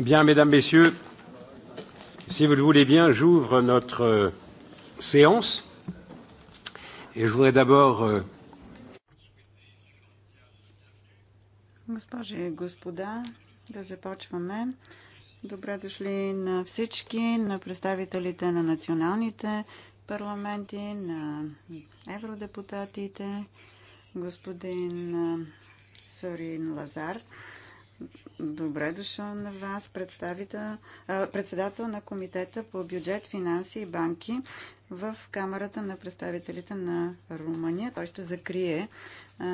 Bien, mesdames, messieurs, si vous le voulez bien, j'ouvre notre euh, séance. Et je voudrais d'abord. Euh, Госпожи и господа, да започваме. Добре дошли на всички, на представителите на националните парламенти, на евродепутатите, господин Сорин Лазар. Добре дошъл на вас, председател на Комитета по бюджет, финанси и банки в Камерата на представителите на Румъния. Той ще закрие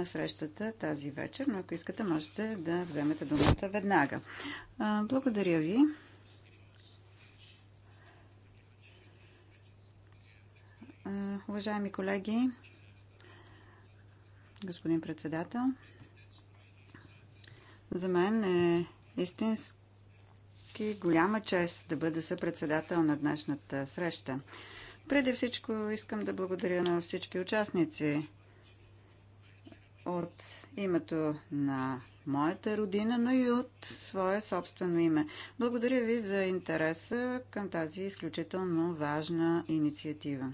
срещата тази вечер, но ако искате, можете да вземете думата веднага. благодаря ви. уважаеми колеги, господин председател, за мен е истински голяма чест да бъда съпредседател на днешната среща. Преди всичко искам да благодаря на всички участници от името на моята родина, но и от свое собствено име. Благодаря ви за интереса към тази изключително важна инициатива.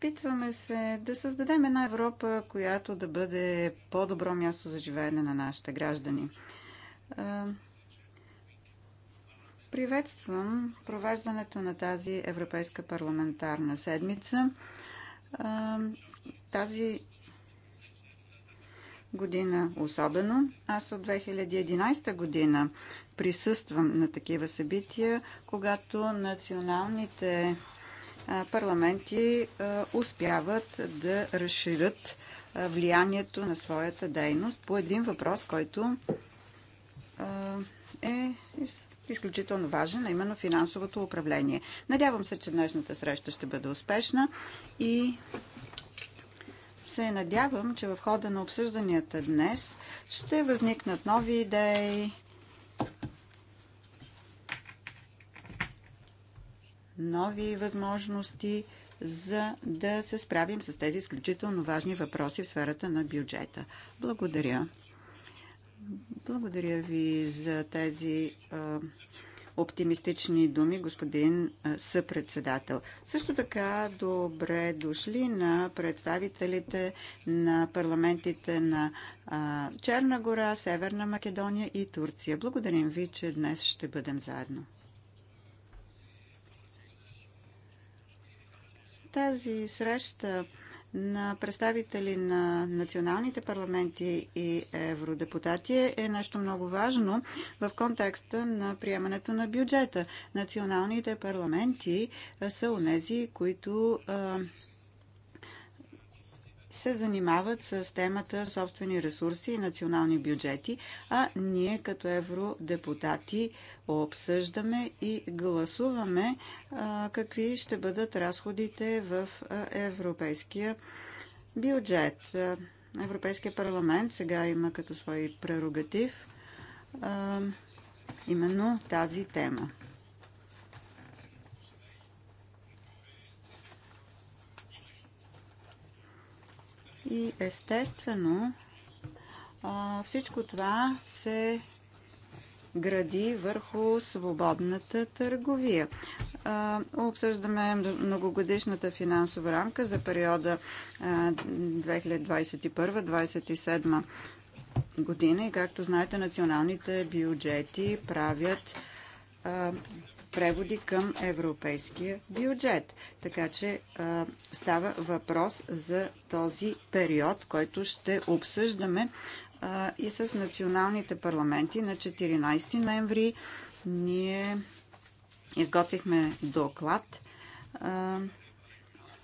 Опитваме се да създадем една Европа, която да бъде по-добро място за живеене на нашите граждани. Приветствам провеждането на тази Европейска парламентарна седмица. Тази година особено. Аз от 2011 година присъствам на такива събития, когато националните парламенти успяват да разширят влиянието на своята дейност по един въпрос, който е изключително важен, а именно финансовото управление. Надявам се, че днешната среща ще бъде успешна и се надявам, че в хода на обсъжданията днес ще възникнат нови идеи, нови възможности, за да се справим с тези изключително важни въпроси в сферата на бюджета. Благодаря. Благодаря ви за тези а, оптимистични думи, господин а, съпредседател. Също така, добре дошли на представителите на парламентите на а, Черна гора, Северна Македония и Турция. Благодарим ви, че днес ще бъдем заедно. Тази среща на представители на националните парламенти и евродепутати е нещо много важно в контекста на приемането на бюджета. Националните парламенти са унези, които се занимават с темата собствени ресурси и национални бюджети, а ние като евродепутати обсъждаме и гласуваме а, какви ще бъдат разходите в европейския бюджет. Европейския парламент сега има като свой прерогатив а, именно тази тема. И естествено, всичко това се гради върху свободната търговия. Обсъждаме многогодишната финансова рамка за периода 2021-2027 година и както знаете националните бюджети правят преводи към европейския бюджет. Така че а, става въпрос за този период, който ще обсъждаме а, и с националните парламенти на 14 ноември. Ние изготвихме доклад. А,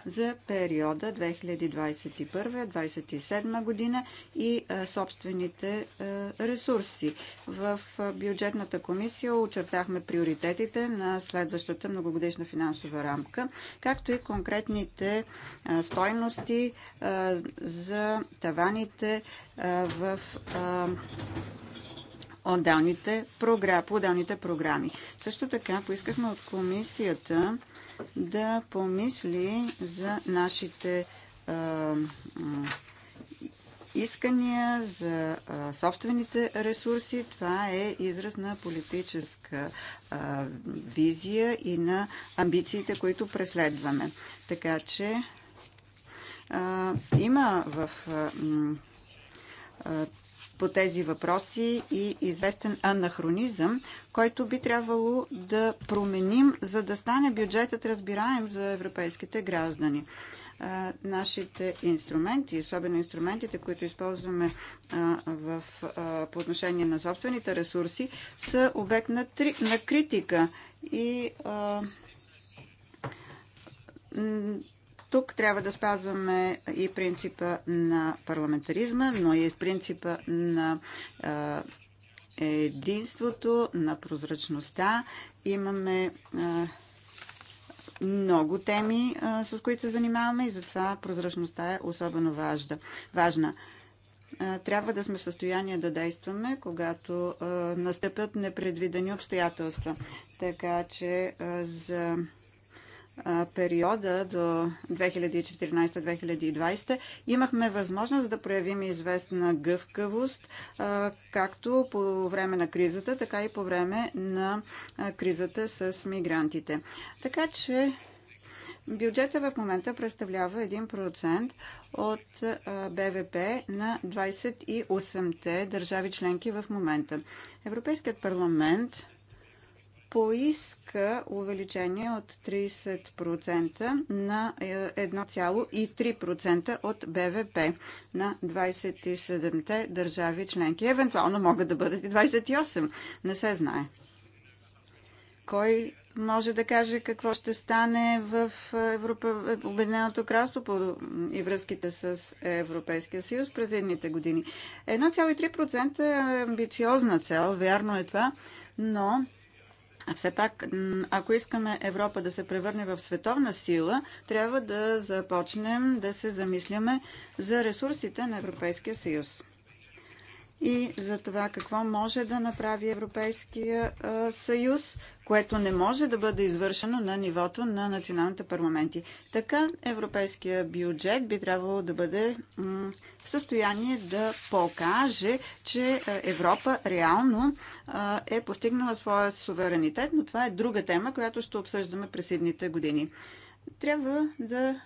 за периода 2021-2027 година и собствените ресурси. В бюджетната комисия очертахме приоритетите на следващата многогодишна финансова рамка, както и конкретните стойности за таваните в отделните, програми. Също така поискахме от комисията да помисли за нашите а, искания за а, собствените ресурси. Това е израз на политическа а, визия и на амбициите, които преследваме. Така че а, има в по тези въпроси и известен анахронизъм, който би трябвало да променим, за да стане бюджетът разбираем за европейските граждани. Нашите инструменти, особено инструментите, които използваме в, по отношение на собствените ресурси, са обект на, три, на критика и тук трябва да спазваме и принципа на парламентаризма, но и принципа на единството, на прозрачността. Имаме много теми, с които се занимаваме и затова прозрачността е особено важна. Трябва да сме в състояние да действаме, когато настъпят непредвидени обстоятелства. Така че за периода до 2014-2020 имахме възможност да проявим известна гъвкавост, както по време на кризата, така и по време на кризата с мигрантите. Така че Бюджета в момента представлява 1% от БВП на 28-те държави членки в момента. Европейският парламент поиска увеличение от 30% на 1,3% е, от БВП на 27-те държави членки. Евентуално могат да бъдат и 28. Не се знае. Кой може да каже какво ще стане в е, Европа, е, Обединеното кралство и връзките с Европейския съюз през едните години. 1,3% е амбициозна цел, вярно е това, но все пак, ако искаме Европа да се превърне в световна сила, трябва да започнем да се замисляме за ресурсите на Европейския съюз и за това какво може да направи Европейския съюз, което не може да бъде извършено на нивото на националните парламенти. Така Европейския бюджет би трябвало да бъде в състояние да покаже, че Европа реално е постигнала своя суверенитет, но това е друга тема, която ще обсъждаме през едните години. Трябва да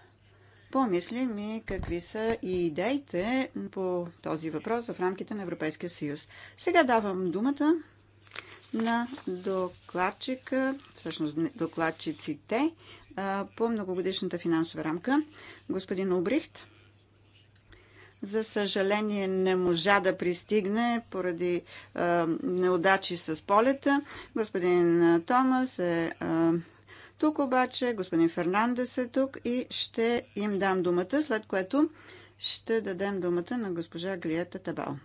помислим и какви са и идеите по този въпрос в рамките на Европейския съюз. Сега давам думата на докладчика, всъщност докладчиците по многогодишната финансова рамка, господин Обрихт. За съжаление не можа да пристигне поради е, неудачи с полета. Господин Томас е, е тук обаче, господин Фернандес е тук и ще им дам думата, след което ще дадем думата на госпожа Глиета Табал.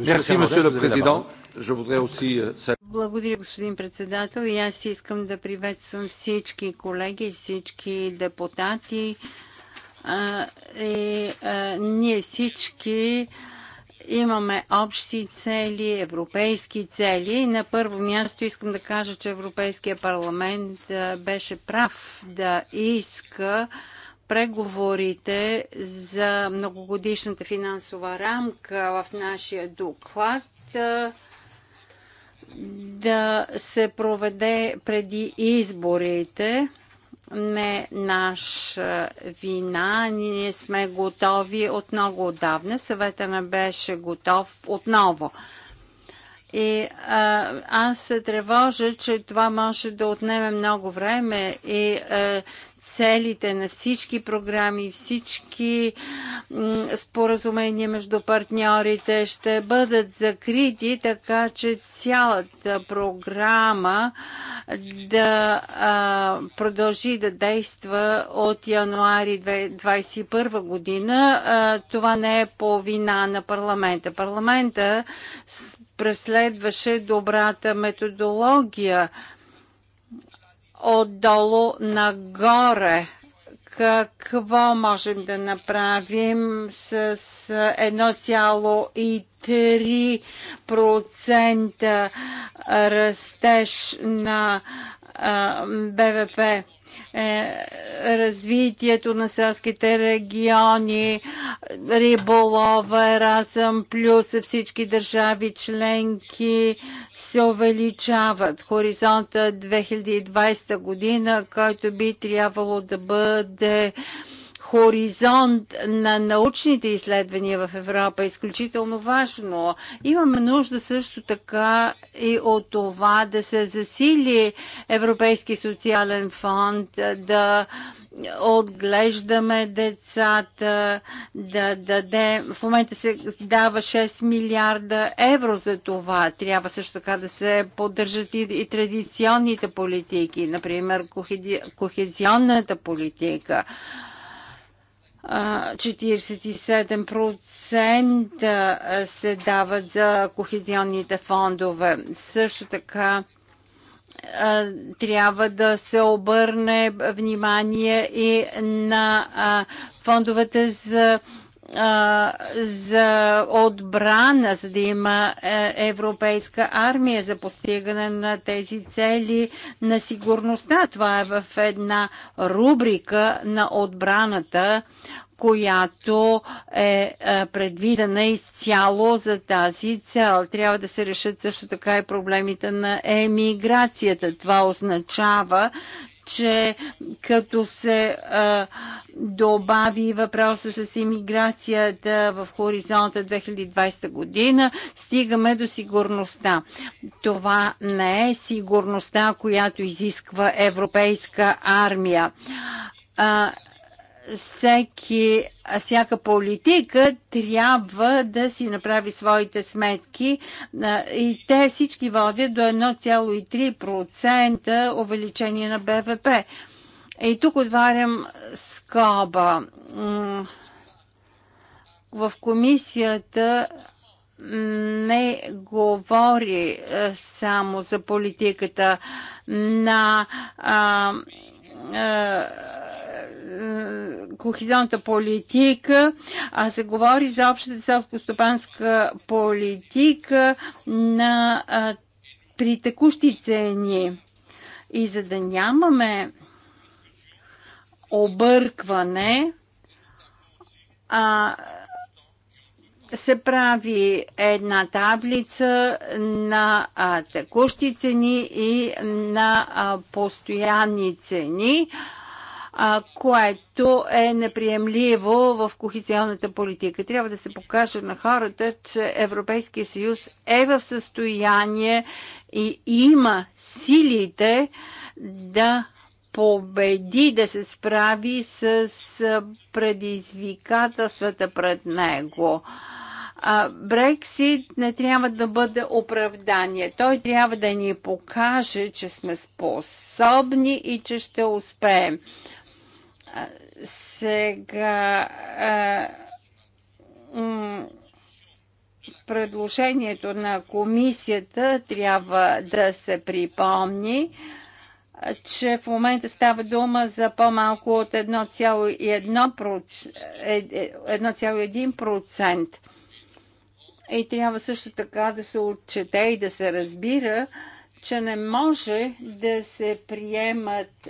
Euh, Благодаря, господин председател. И аз искам да приветствам всички колеги, всички депутати. и, е, ние всички а, имаме общи цели, европейски цели. На първо място искам да кажа, че Европейския парламент беше прав да иска преговорите за многогодишната финансова рамка в нашия доклад да се проведе преди изборите не наша вина. Ние сме готови от много отдавна. Съвета не беше готов отново. И а, аз се тревожа, че това може да отнеме много време и а, целите на всички програми, всички споразумения между партньорите ще бъдат закрити, така че цялата програма а, да а, продължи да действа от януари 2021 година. А, това не е по вина на парламента. Парламента преследваше добрата методология отдолу нагоре какво можем да направим с и. 3% растеж на БВП. Е, развитието на селските региони, риболова, разъм плюс всички държави членки се увеличават. Хоризонта 2020 година, който би трябвало да бъде хоризонт на научните изследвания в Европа е изключително важно. Имаме нужда също така и от това да се засили Европейски социален фонд, да отглеждаме децата, да дадем. В момента се дава 6 милиарда евро за това. Трябва също така да се поддържат и, и традиционните политики, например кохезионната политика. 47% се дават за кохезионните фондове. Също така трябва да се обърне внимание и на фондовете за за отбрана, за да има е, европейска армия за постигане на тези цели на сигурността. Това е в една рубрика на отбраната, която е, е предвидена изцяло за тази цел. Трябва да се решат също така и проблемите на емиграцията. Това означава, че като се а, добави въпроса с иммиграцията в хоризонта 2020 година, стигаме до сигурността. Това не е сигурността, която изисква европейска армия. А, всеки, всяка политика трябва да си направи своите сметки и те всички водят до 1,3% увеличение на БВП. И тук отварям скоба. В комисията не говори само за политиката на а, а, е, е, кохизионната политика, а се говори за общата селско-стопанска политика на, а, е, при текущи цени. И за да нямаме объркване, а, се прави една таблица на а, текущи цени и на а, постоянни цени. А, а, което е неприемливо в кохезионната политика. Трябва да се покаже на хората, че Европейския съюз е в състояние и има силите да победи, да се справи с предизвикателствата пред него. Брексит не трябва да бъде оправдание. Той трябва да ни покаже, че сме способни и че ще успеем. Сега предложението на комисията трябва да се припомни, че в момента става дума за по-малко от 1,1%. Е, е, и трябва също така да се отчете и да се разбира, че не може да се приемат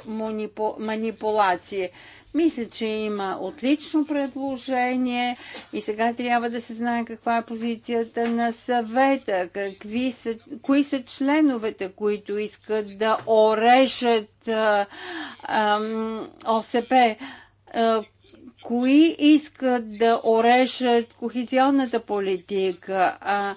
манипулации. Мисля, че има отлично предложение и сега трябва да се знае каква е позицията на съвета, какви са, кои са членовете, които искат да орежат ОСП. кои искат да орежат кохезионната политика? А,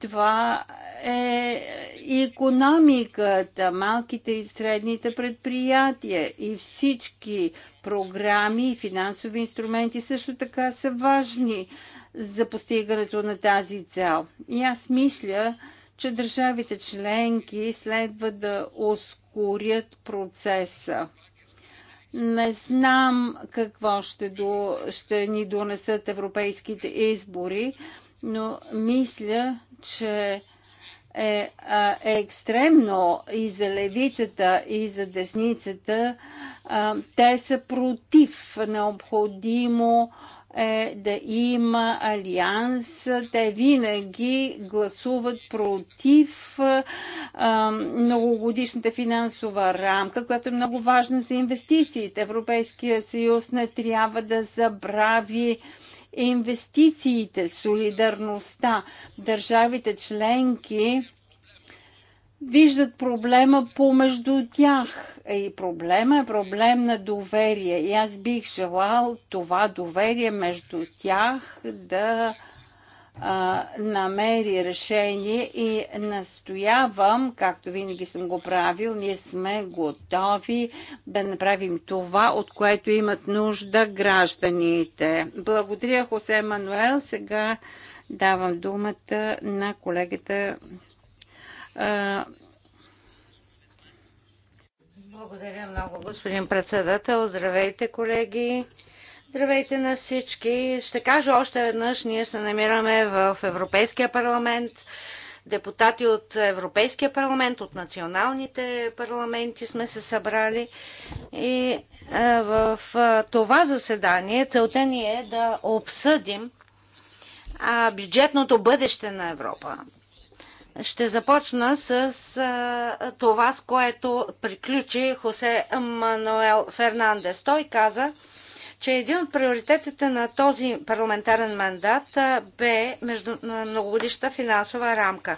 това е економиката, малките и средните предприятия и всички програми и финансови инструменти също така са важни за постигането на тази цел. И аз мисля, че държавите членки следва да ускорят процеса. Не знам какво ще, до, ще ни донесат европейските избори, но мисля, че е, а, е екстремно и за левицата, и за десницата. А, те са против. Необходимо е да има алианс. Те винаги гласуват против а, многогодишната финансова рамка, която е много важна за инвестициите. Европейския съюз не трябва да забрави инвестициите, солидарността. Държавите членки виждат проблема помежду тях. И проблема е проблем на доверие. И аз бих желал това доверие между тях да а, намери решение и настоявам, както винаги съм го правил, ние сме готови да направим това, от което имат нужда гражданите. Благодаря, Хосе Мануел. Сега давам думата на колегата. А... Благодаря много, господин председател. Здравейте, колеги. Здравейте на всички. Ще кажа още веднъж, ние се намираме в Европейския парламент. Депутати от Европейския парламент, от националните парламенти сме се събрали. И в това заседание целта ни е да обсъдим бюджетното бъдеще на Европа. Ще започна с а, това, с което приключи Хосе Мануел Фернандес. Той каза, че един от приоритетите на този парламентарен мандат бе между многогодишната финансова рамка.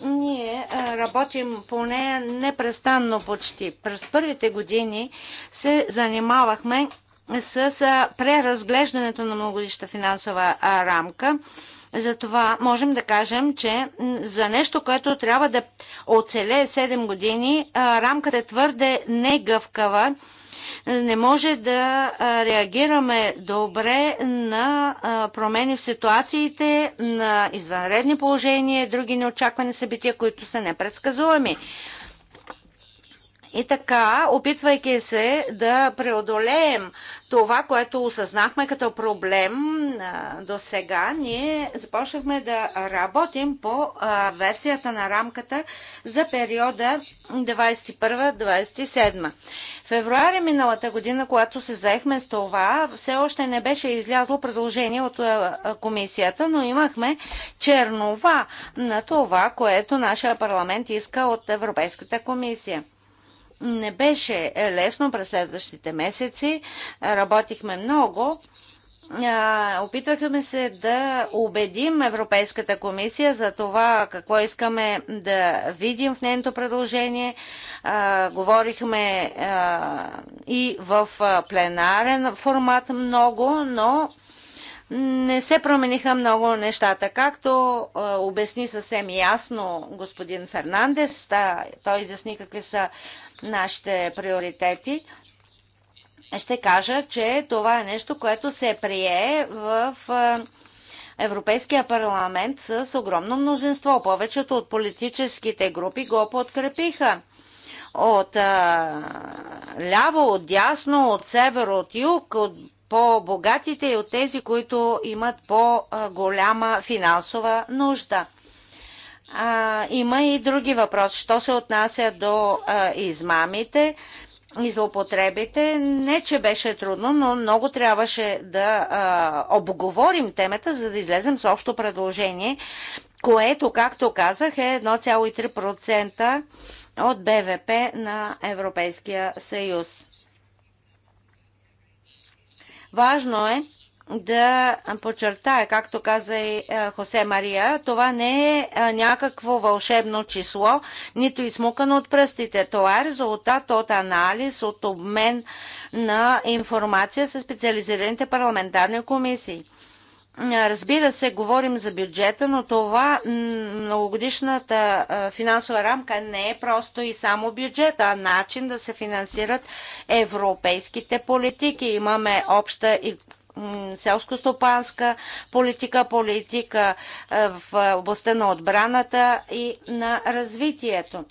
Ние работим по нея непрестанно почти. През първите години се занимавахме с преразглеждането на многогодишната финансова рамка. Затова можем да кажем, че за нещо, което трябва да оцелее 7 години, рамката е твърде негъвкава не може да реагираме добре на промени в ситуациите, на извънредни положения, други неочаквани събития, които са непредсказуеми. И така, опитвайки се да преодолеем това, което осъзнахме като проблем до сега, ние започнахме да работим по версията на рамката за периода 21-27. Февруари миналата година, когато се заехме с това, все още не беше излязло предложение от комисията, но имахме чернова на това, което нашия парламент иска от Европейската комисия. Не беше лесно през следващите месеци. Работихме много. Опитвахме се да убедим Европейската комисия за това какво искаме да видим в нейното предложение. Говорихме и в пленарен формат много, но не се промениха много нещата. Както обясни съвсем ясно господин Фернандес, той изясни какви са нашите приоритети, ще кажа, че това е нещо, което се прие в е, Европейския парламент с огромно мнозинство. Повечето от политическите групи го подкрепиха. От а, е, ляво, от дясно, от север, от юг, от по-богатите и от тези, които имат по-голяма е, финансова нужда. А, има и други въпроси. Що се отнася до а, измамите и злоупотребите, не че беше трудно, но много трябваше да а, обговорим темата, за да излезем с общо предложение, което, както казах, е 1,3% от БВП на Европейския съюз. Важно е да подчертая, както каза и е, Хосе Мария, това не е, е някакво вълшебно число, нито измукано от пръстите. Това е резултат от анализ, от обмен на информация с специализираните парламентарни комисии. Разбира се, говорим за бюджета, но това многогодишната е, финансова рамка не е просто и само бюджет, а начин да се финансират европейските политики. Имаме обща и селско-стопанска политика, политика е, в областта на отбраната и на развитието.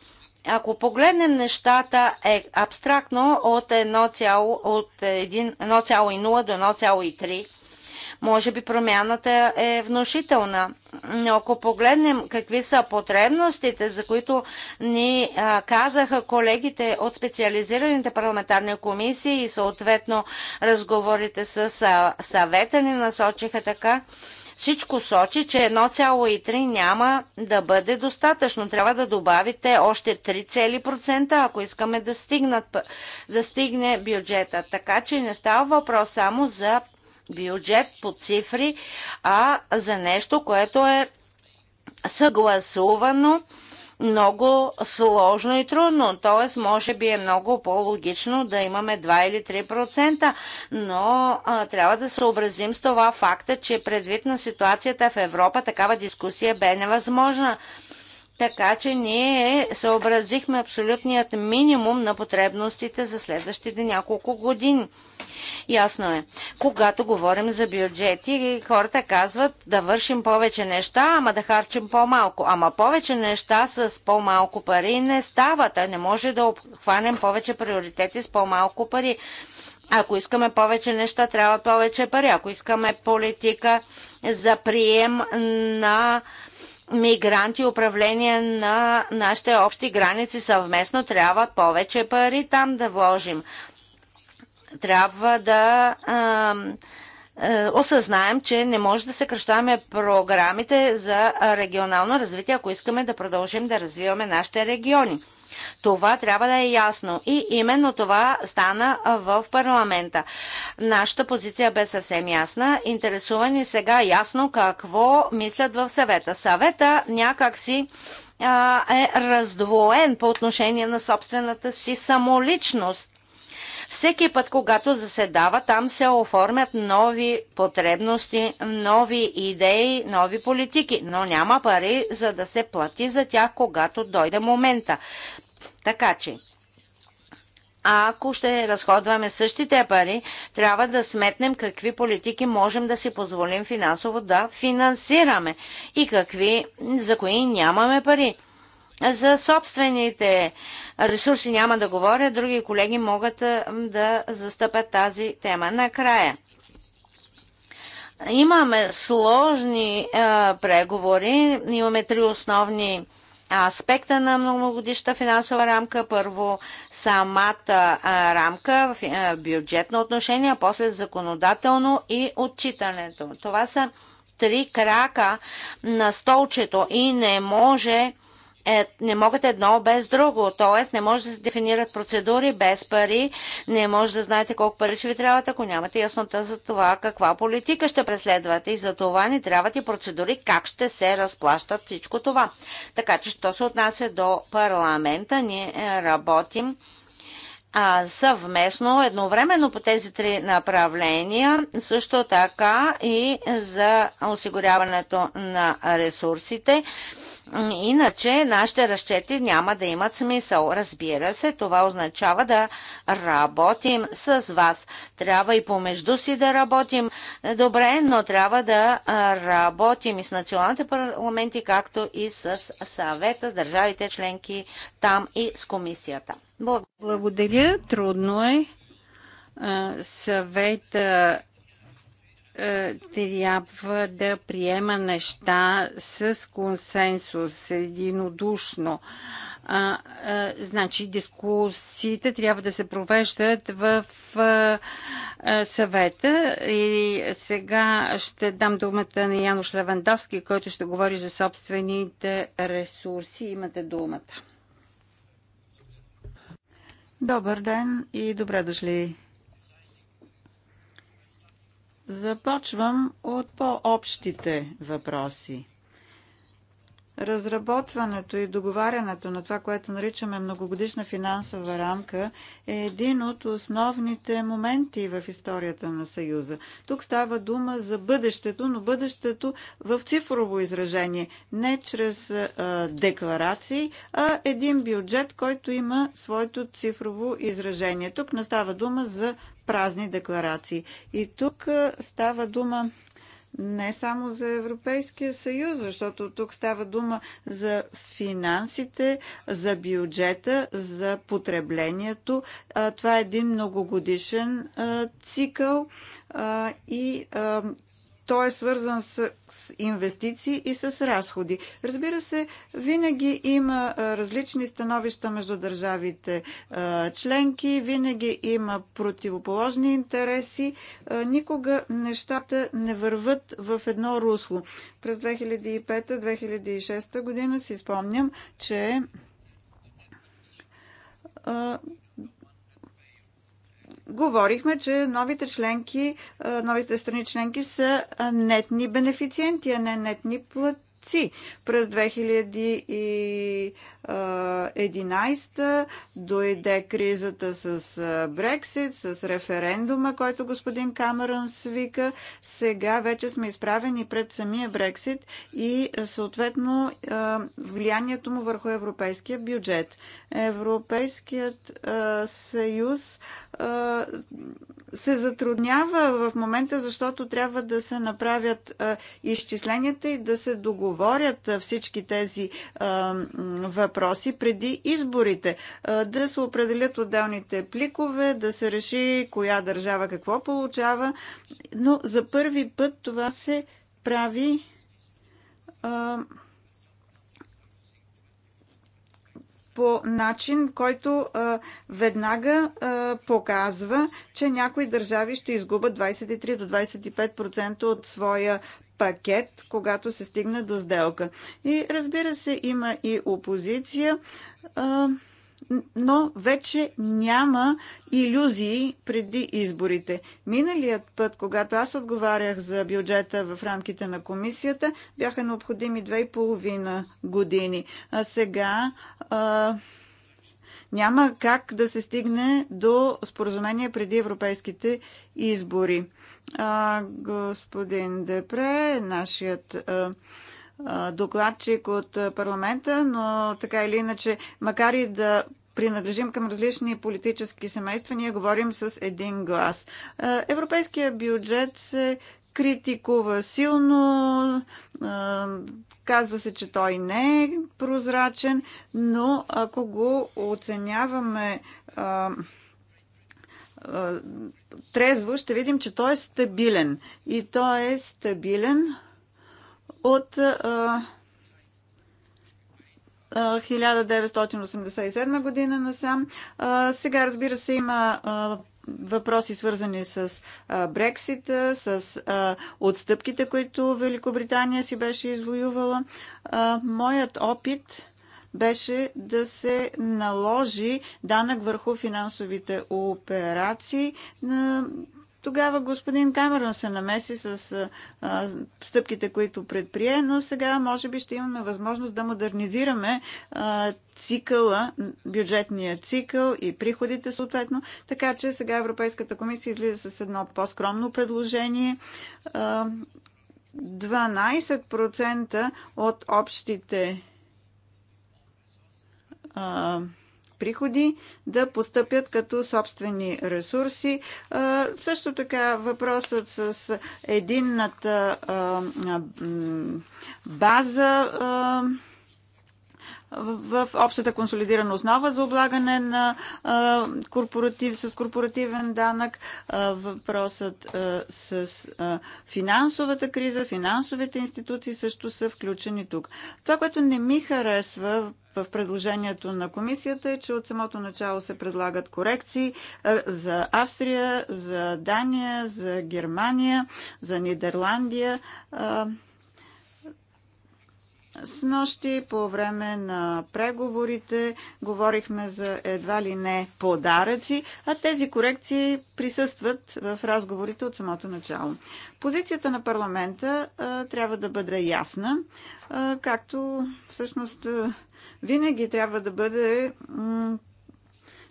Ако погледнем нещата е абстрактно от 1,0 до 1,3, може би промяната е внушителна. Но ако погледнем какви са потребностите, за които ни а, казаха колегите от специализираните парламентарни комисии и съответно разговорите с а, съвета ни насочиха така, всичко сочи, че 1,3 няма да бъде достатъчно. Трябва да добавите още 3,% ако искаме да, стигнат, да стигне бюджета. Така че не става въпрос само за бюджет по цифри, а за нещо, което е съгласувано много сложно и трудно. Т.е. може би е много по-логично да имаме 2 или 3%, но а, трябва да съобразим с това факта, че предвид на ситуацията в Европа такава дискусия бе невъзможна. Така че ние съобразихме абсолютният минимум на потребностите за следващите няколко години. Ясно е. Когато говорим за бюджети, хората казват да вършим повече неща, ама да харчим по-малко. Ама повече неща с по-малко пари не стават, а не може да обхванем повече приоритети с по-малко пари. Ако искаме повече неща, трябва повече пари. Ако искаме политика за прием на мигранти, управление на нашите общи граници съвместно, трябва повече пари там да вложим. Трябва да е, осъзнаем, че не може да съкръщаваме програмите за регионално развитие, ако искаме да продължим да развиваме нашите региони. Това трябва да е ясно. И именно това стана в парламента. Нашата позиция бе съвсем ясна. Интересувани сега ясно какво мислят в съвета. Съвета някакси а, е раздвоен по отношение на собствената си самоличност. Всеки път, когато заседава, там се оформят нови потребности, нови идеи, нови политики, но няма пари за да се плати за тях, когато дойде момента. Така че, ако ще разходваме същите пари, трябва да сметнем какви политики можем да си позволим финансово да финансираме и какви, за кои нямаме пари. За собствените ресурси няма да говоря, други колеги могат да застъпят тази тема. Накрая. Имаме сложни е, преговори, имаме три основни е, аспекта на многогодишната финансова рамка. Първо самата рамка в бюджетно отношение, а после законодателно и отчитането. Това са три крака на столчето и не може е, не могат едно без друго. Тоест, не може да се дефинират процедури без пари, не може да знаете колко пари ще ви трябват, ако нямате яснота за това каква политика ще преследвате. И за това ни трябват и процедури как ще се разплащат всичко това. Така че, що се отнася до парламента, ние е, работим а, съвместно, едновременно по тези три направления, също така и за осигуряването на ресурсите. Иначе нашите разчети няма да имат смисъл. Разбира се, това означава да работим с вас. Трябва и помежду си да работим е, добре, но трябва да работим и с националните парламенти, както и с съвета, с държавите членки там и с комисията. Благодаря. Благодаря. Трудно е. Съвета е, трябва да приема неща с консенсус, единодушно. А, а, значи дискусиите трябва да се провеждат в а, а, съвета и сега ще дам думата на Януш Левандовски, който ще говори за собствените ресурси. Имате думата. Добър ден и добре дошли Започвам от по-общите въпроси. Разработването и договарянето на това, което наричаме многогодишна финансова рамка, е един от основните моменти в историята на Съюза. Тук става дума за бъдещето, но бъдещето в цифрово изражение, не чрез а, декларации, а един бюджет, който има своето цифрово изражение. Тук не става дума за празни декларации. И тук става дума не само за Европейския съюз, защото тук става дума за финансите, за бюджета, за потреблението. Това е един многогодишен цикъл и той е свързан с, с инвестиции и с разходи. Разбира се, винаги има различни становища между държавите членки, винаги има противоположни интереси. Никога нещата не върват в едно русло. През 2005-2006 година си спомням, че говорихме, че новите членки, новите страни членки са нетни бенефициенти, а не нетни плат творци. През 2011 дойде кризата с Брексит, с референдума, който господин Камерън свика. Сега вече сме изправени пред самия Брексит и съответно влиянието му върху европейския бюджет. Европейският съюз се затруднява в момента, защото трябва да се направят изчисленията и да се договорят договорят всички тези а, въпроси преди изборите. А, да се определят отделните пликове, да се реши коя държава какво получава. Но за първи път това се прави. А, по начин, който а, веднага а, показва, че някои държави ще изгубят 23 до 25% от своя пакет, когато се стигне до сделка. И разбира се, има и опозиция, но вече няма иллюзии преди изборите. Миналият път, когато аз отговарях за бюджета в рамките на комисията, бяха необходими 2,5 години. А сега няма как да се стигне до споразумение преди европейските избори. А, господин Депре, нашият а, а, докладчик от парламента, но така или иначе, макар и да принадлежим към различни политически семейства, ние говорим с един глас. Европейския бюджет се критикува силно, казва се, че той не е прозрачен, но ако го оценяваме трезво, ще видим, че той е стабилен. И той е стабилен от 1987 година насам. Сега, разбира се, има въпроси, свързани с Брексита, с а, отстъпките, които Великобритания си беше извоювала. А, моят опит беше да се наложи данък върху финансовите операции. Тогава господин Камерон се намеси с а, стъпките, които предприе, но сега може би ще имаме възможност да модернизираме а, цикъла, бюджетния цикъл и приходите съответно. Така че сега Европейската комисия излиза с едно по-скромно предложение. А, 12% от общите а, приходи да постъпят като собствени ресурси. Също така въпросът с единната база в общата консолидирана основа за облагане на корпоратив, с корпоративен данък, въпросът с финансовата криза, финансовите институции също са включени тук. Това, което не ми харесва в предложението на комисията е, че от самото начало се предлагат корекции за Австрия, за Дания, за Германия, за Нидерландия. С нощи по време на преговорите говорихме за едва ли не подаръци, а тези корекции присъстват в разговорите от самото начало. Позицията на парламента а, трябва да бъде ясна, а, както всъщност винаги трябва да бъде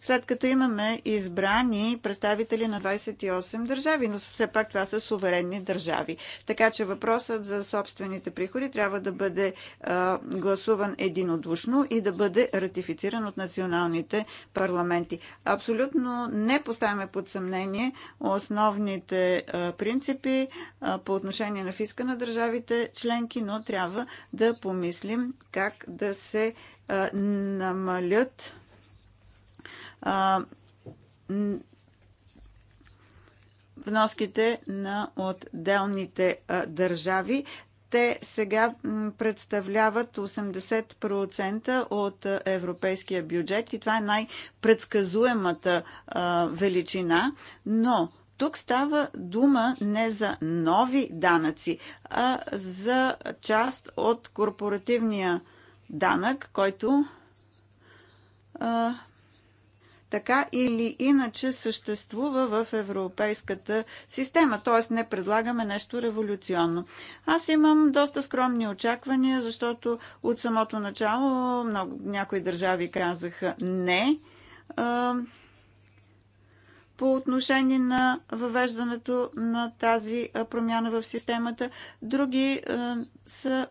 след като имаме избрани представители на 28 държави, но все пак това са суверенни държави. Така че въпросът за собствените приходи трябва да бъде а, гласуван единодушно и да бъде ратифициран от националните парламенти. Абсолютно не поставяме под съмнение основните а, принципи а, по отношение на фиска на държавите членки, но трябва да помислим как да се намалят вноските на отделните държави. Те сега представляват 80% от европейския бюджет и това е най-предсказуемата величина, но тук става дума не за нови данъци, а за част от корпоративния данък, който така или иначе съществува в европейската система, т.е. не предлагаме нещо революционно. Аз имам доста скромни очаквания, защото от самото начало много, някои държави казаха не по отношение на въвеждането на тази промяна в системата. Други а, са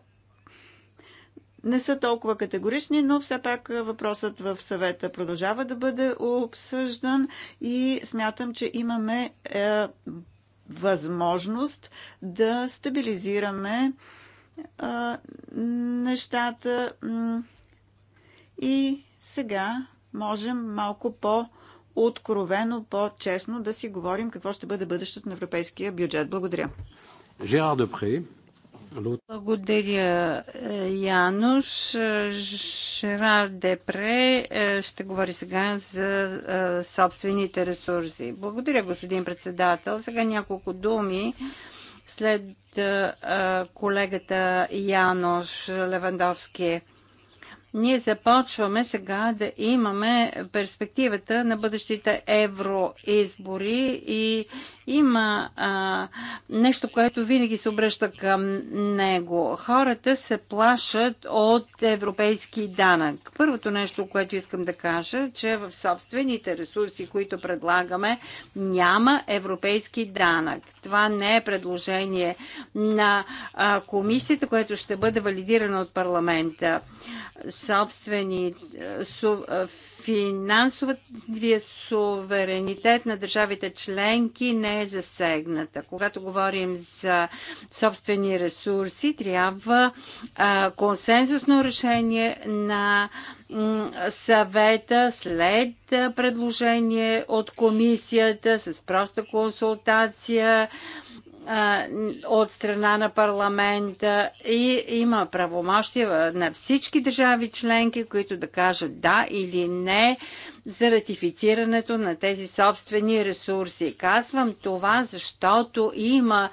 не са толкова категорични, но все пак въпросът в съвета продължава да бъде обсъждан и смятам, че имаме е, възможност да стабилизираме е, нещата и сега можем малко по- откровено, по-честно да си говорим какво ще бъде бъдещето на европейския бюджет. Благодаря. Жерар Депре. Благодаря, е, Януш. Шерар е, Депре е, ще говори сега за собствените ресурси. Благодаря, господин председател. Сега няколко думи след колегата Янош Левандовски ние започваме сега да имаме перспективата на бъдещите евроизбори и има а, нещо, което винаги се обръща към него. Хората се плашат от европейски данък. Първото нещо, което искам да кажа, че в собствените ресурси, които предлагаме, няма европейски данък. Това не е предложение на а, комисията, което ще бъде валидирано от парламента. Собствени су, финансовия суверенитет на държавите членки не е засегната. Когато говорим за собствени ресурси, трябва а, консенсусно решение на съвета след предложение от комисията с проста консултация от страна на парламента и има правомощия на всички държави членки, които да кажат да или не за ратифицирането на тези собствени ресурси. Казвам това, защото има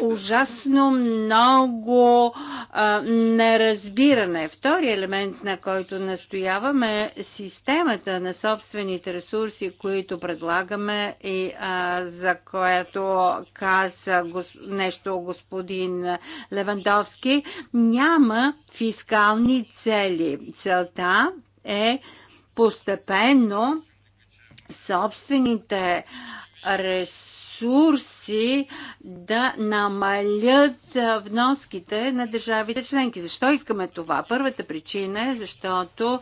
ужасно много а, неразбиране. Втори елемент, на който настояваме, е системата на собствените ресурси, които предлагаме и а, за което каза гос... нещо господин Левандовски, няма фискални цели. Целта е постепенно собствените ресурси ресурси да намалят вноските на държавите членки. Защо искаме това? Първата причина е, защото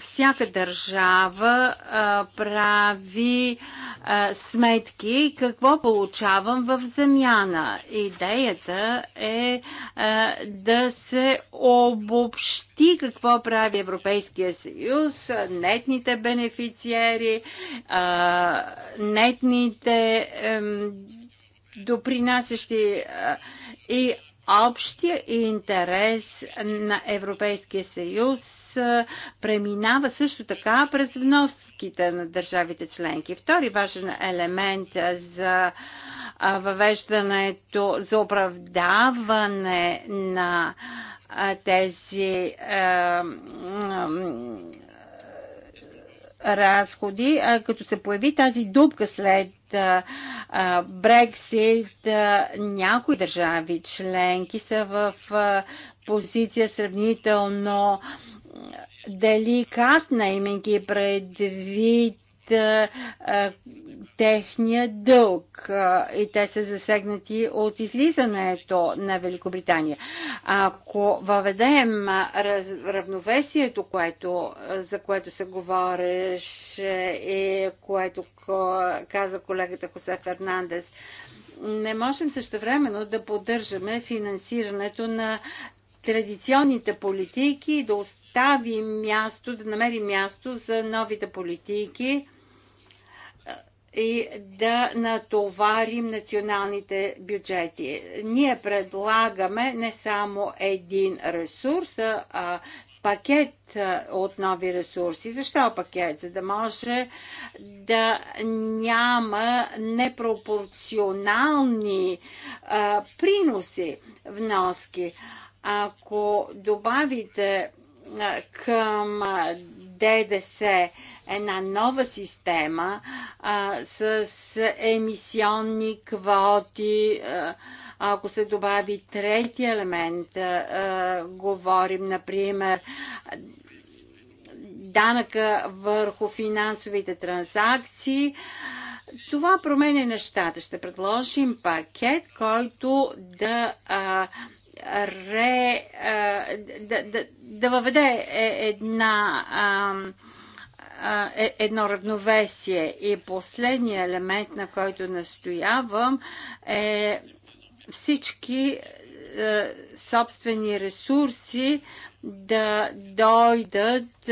всяка държава а, прави а, сметки какво получавам в замяна. Идеята е а, да се обобщи какво прави Европейския съюз, нетните бенефициери, а, нетните а, допринасящи а, и общия интерес на Европейския съюз преминава също така през вноските на държавите членки. Втори важен елемент за въвеждането, за оправдаване на тези разходи, като се появи тази дупка след Брексит, някои държави членки са в позиция сравнително деликатна, имайки предвид а, техния дълг а, и те са засегнати от излизането на Великобритания. Ако въведем раз, равновесието, което, за което се говориш и което каза колегата Хосе Фернандес, не можем също времено да поддържаме финансирането на традиционните политики и да оставим място, да намерим място за новите политики, и да натоварим националните бюджети. Ние предлагаме не само един ресурс, а пакет от нови ресурси. Защо пакет? За да може да няма непропорционални а, приноси, вноски. Ако добавите към ДДС, е една нова система а, с емисионни квоти. А, ако се добави трети елемент, а, говорим, например, данъка върху финансовите транзакции. Това променя нещата. Ще предложим пакет, който да а, ре, да, да, да въведе е, една, а, е, едно равновесие. И последният елемент, на който настоявам, е всички е, собствени ресурси да дойдат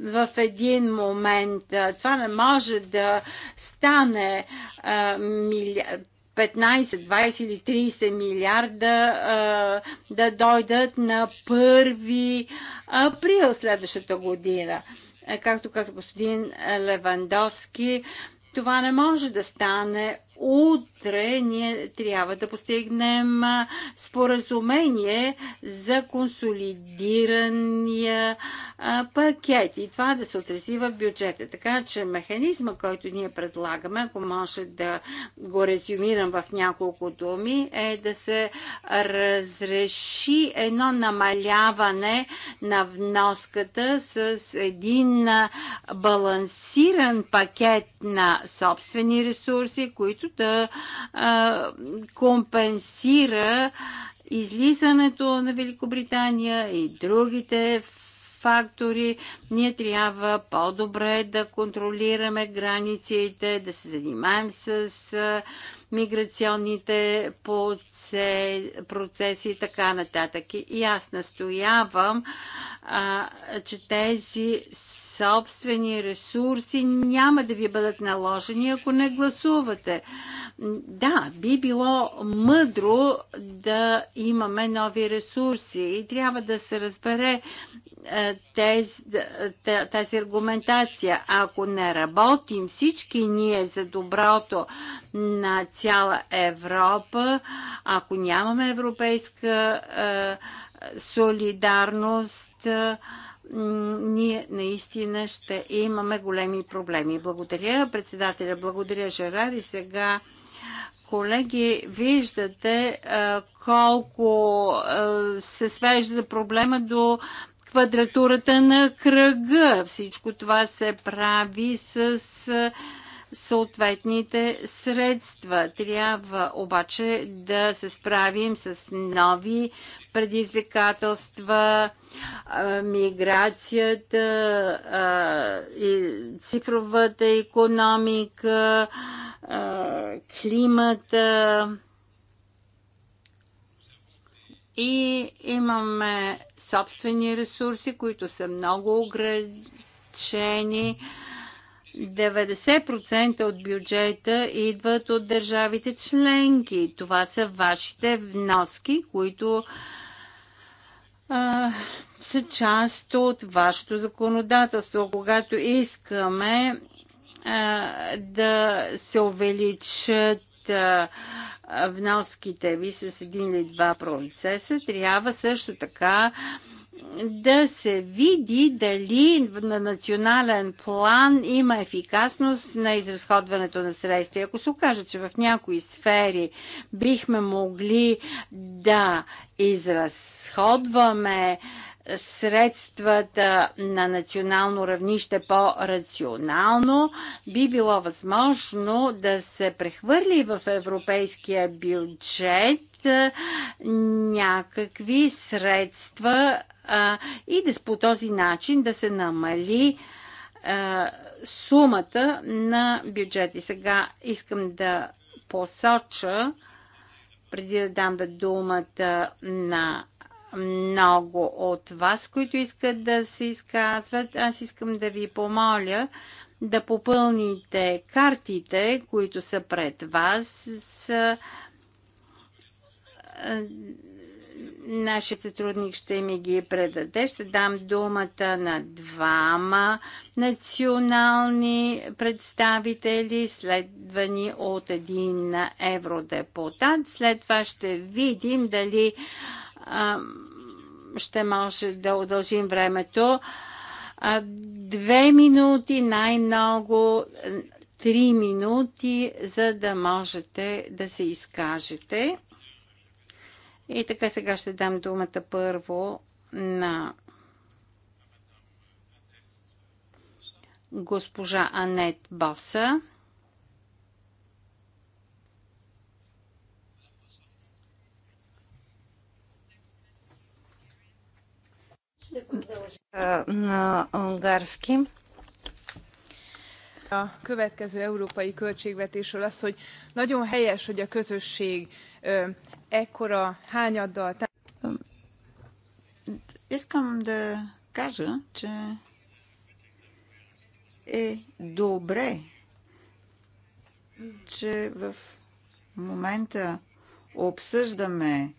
в един момент. Това не може да стане 15, 20 или 30 милиарда да дойдат на 1 април следващата година. Както каза господин Левандовски, това не може да стане от утре ние трябва да постигнем споразумение за консолидирания пакет и това да се отрази в бюджета. Така че механизма, който ние предлагаме, ако може да го резюмирам в няколко думи, е да се разреши едно намаляване на вноската с един балансиран пакет на собствени ресурси, които да компенсира излизането на Великобритания и другите фактори. Ние трябва по-добре да контролираме границите, да се занимаем с миграционните процеси и така нататък. И аз настоявам, а, че тези собствени ресурси няма да ви бъдат наложени, ако не гласувате. Да, би било мъдро да имаме нови ресурси и трябва да се разбере е, тези, е, тази аргументация. Ако не работим всички ние за доброто на цяла Европа, ако нямаме европейска е, солидарност, ние наистина ще имаме големи проблеми. Благодаря, председателя, благодаря, Жерар. И сега, колеги, виждате колко се свежда проблема до квадратурата на кръга. Всичко това се прави с съответните средства. Трябва обаче да се справим с нови предизвикателства, миграцията, цифровата економика, климата и имаме собствени ресурси, които са много ограничени. 90% от бюджета идват от държавите членки. Това са вашите вноски, които а, са част от вашето законодателство. Когато искаме а, да се увеличат а, вноските ви с един или два процеса, трябва също така да се види дали на национален план има ефикасност на изразходването на средства. Ако се окаже, че в някои сфери бихме могли да изразходваме средствата на национално равнище по-рационално, би било възможно да се прехвърли в европейския бюджет някакви средства а, и да по този начин да се намали а, сумата на бюджет. И сега искам да посоча, преди да дам да думата на много от вас, които искат да се изказват. Аз искам да ви помоля да попълните картите, които са пред вас с нашият сътрудник ще ми ги предаде. Ще дам думата на двама национални представители, следвани от един евродепутат. След това ще видим дали ще може да удължим времето. Две минути най-много, три минути, за да можете да се изкажете. И така сега ще дам думата първо на госпожа Анет Боса. на унгарски. A következő európai költségvetésről az, hogy nagyon helyes, hogy a közösség ekkora hányaddal... Искам да кажа, че е добре, че в момента обсъждаме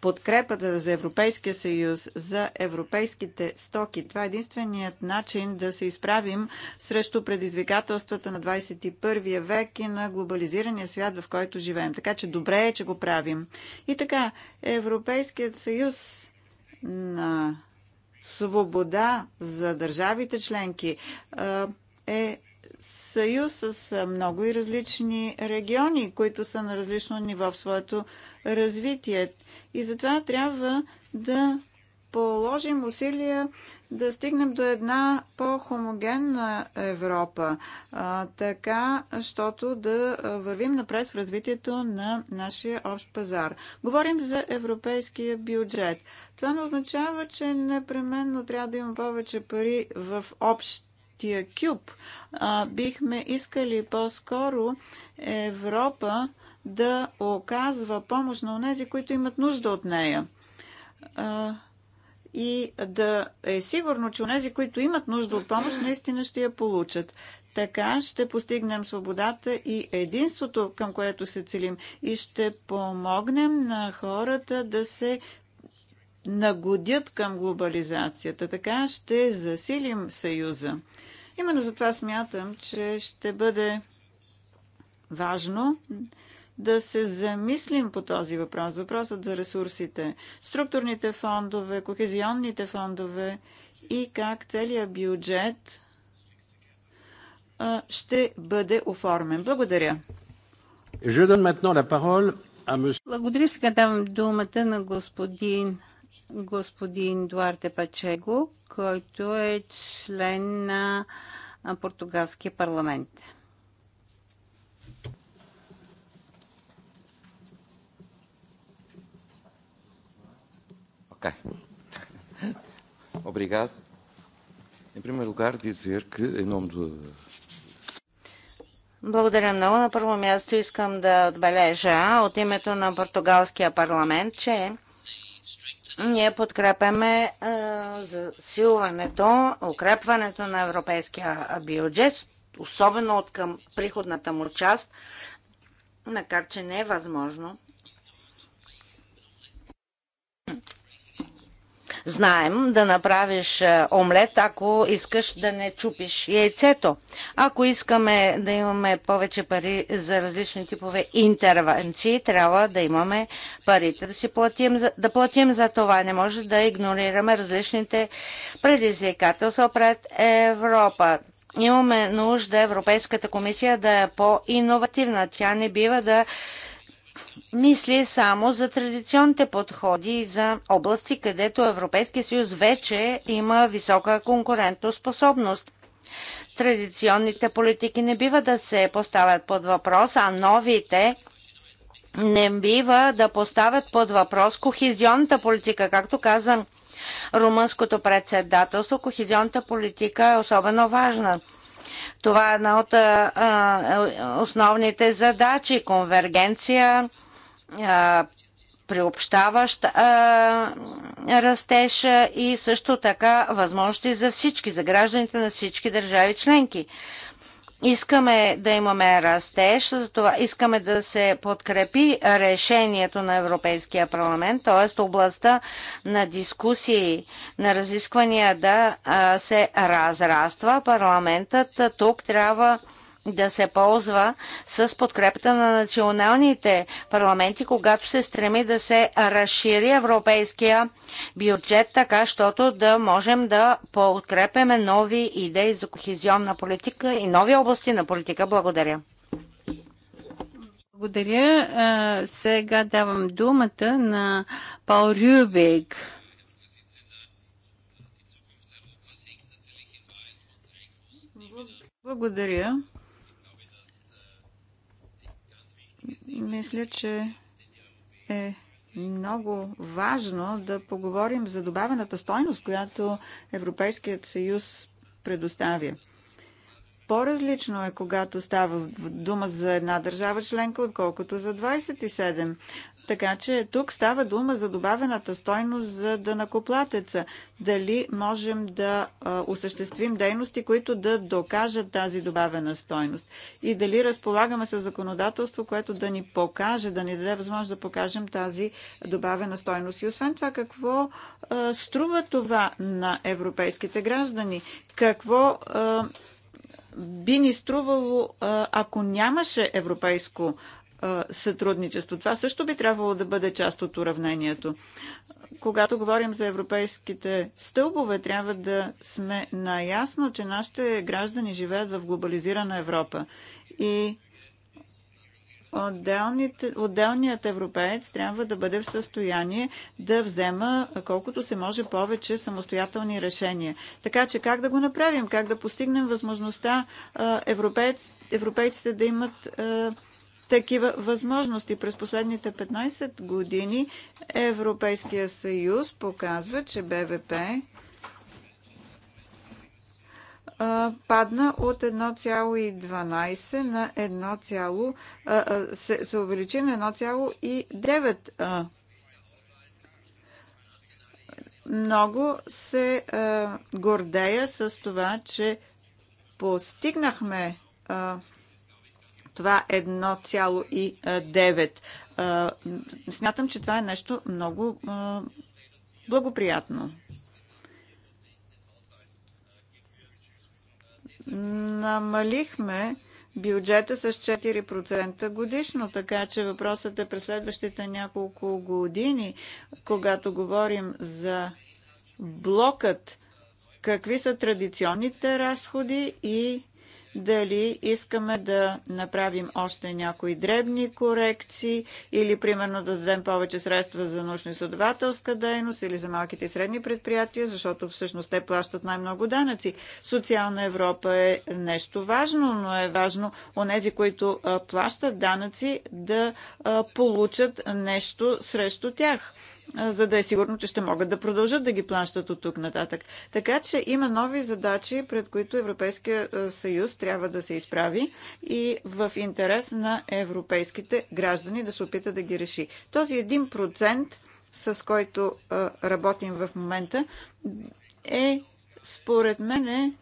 подкрепата за Европейския съюз, за европейските стоки. Това е единственият начин да се изправим срещу предизвикателствата на 21 век и на глобализирания свят, в който живеем. Така че добре е, че го правим. И така, Европейският съюз на свобода за държавите членки е съюз с много и различни региони, които са на различно ниво в своето развитие. И затова трябва да положим усилия да стигнем до една по-хомогенна Европа, а, така, щото да вървим напред в развитието на нашия общ пазар. Говорим за европейския бюджет. Това не означава, че непременно трябва да има повече пари в общ тия кюб. А, бихме искали по-скоро Европа да оказва помощ на онези, които имат нужда от нея. А, и да е сигурно, че онези, които имат нужда от помощ, наистина ще я получат. Така ще постигнем свободата и единството, към което се целим. И ще помогнем на хората да се нагодят към глобализацията. Така ще засилим съюза. Именно за това смятам, че ще бъде важно да се замислим по този въпрос. Въпросът за ресурсите, структурните фондове, кохезионните фондове и как целият бюджет ще бъде оформен. Благодаря. Благодаря. Сега давам думата на господин господин Дуарте Пачего, който е член на португалския парламент. Ok. Obrigado. Em primeiro lugar, dizer que, em nome do. Благодаря много. На първо място искам да отбележа от името на португалския парламент, че ние подкрепяме е, засилването, укрепването на европейския бюджет, особено от към приходната му част, макар че не е възможно Знаем да направиш е, омлет, ако искаш да не чупиш яйцето. Ако искаме да имаме повече пари за различни типове интервенции, трябва да имаме парите да си платим за, да платим за това. Не може да игнорираме различните предизвикателства пред Европа имаме нужда Европейската комисия да е по-инновативна. Тя не бива да мисли само за традиционните подходи за области, където Европейския съюз вече има висока конкурентоспособност. Традиционните политики не бива да се поставят под въпрос, а новите не бива да поставят под въпрос кохезионната политика. Както каза румънското председателство, кохезионната политика е особено важна. Това е една от а, основните задачи конвергенция, приобщаващ а, растеж и също така възможности за всички, за гражданите на всички държави членки. Искаме да имаме растеж, затова искаме да се подкрепи решението на Европейския парламент, т.е. областта на дискусии, на разисквания да се разраства. Парламентът тук трябва да да се ползва с подкрепата на националните парламенти, когато се стреми да се разшири европейския бюджет, така щото да можем да подкрепяме нови идеи за кохезионна политика и нови области на политика. Благодаря. Благодаря. Сега давам думата на Пао Рюбек. Благодаря. Мисля, че е много важно да поговорим за добавената стойност, която Европейският съюз предоставя. По-различно е, когато става дума за една държава членка, отколкото за 27. Така че тук става дума за добавената стойност за данакоплатеца. Дали можем да а, осъществим дейности, които да докажат тази добавена стойност. И дали разполагаме с законодателство, което да ни покаже, да ни даде възможност да покажем тази добавена стойност. И освен това, какво а, струва това на европейските граждани? Какво а, би ни струвало, ако нямаше европейско сътрудничество. Това също би трябвало да бъде част от уравнението. Когато говорим за европейските стълбове, трябва да сме наясно, че нашите граждани живеят в глобализирана Европа. И отделният европеец трябва да бъде в състояние да взема колкото се може повече самостоятелни решения. Така че как да го направим? Как да постигнем възможността европейците да имат такива възможности. През последните 15 години Европейския съюз показва, че БВП падна от 1,12 на 1, се, се увеличи на 1,9. Много се гордея с това, че постигнахме това 1,9. Е смятам, че това е нещо много благоприятно. Намалихме бюджета с 4% годишно, така че въпросът е през следващите няколко години, когато говорим за блокът, какви са традиционните разходи и дали искаме да направим още някои дребни корекции или примерно да дадем повече средства за научно-изследователска дейност или за малките и средни предприятия, защото всъщност те плащат най-много данъци. Социална Европа е нещо важно, но е важно онези, които плащат данъци, да получат нещо срещу тях за да е сигурно, че ще могат да продължат да ги плащат от тук нататък. Така че има нови задачи, пред които Европейския съюз трябва да се изправи и в интерес на европейските граждани да се опита да ги реши. Този 1% с който работим в момента е според мен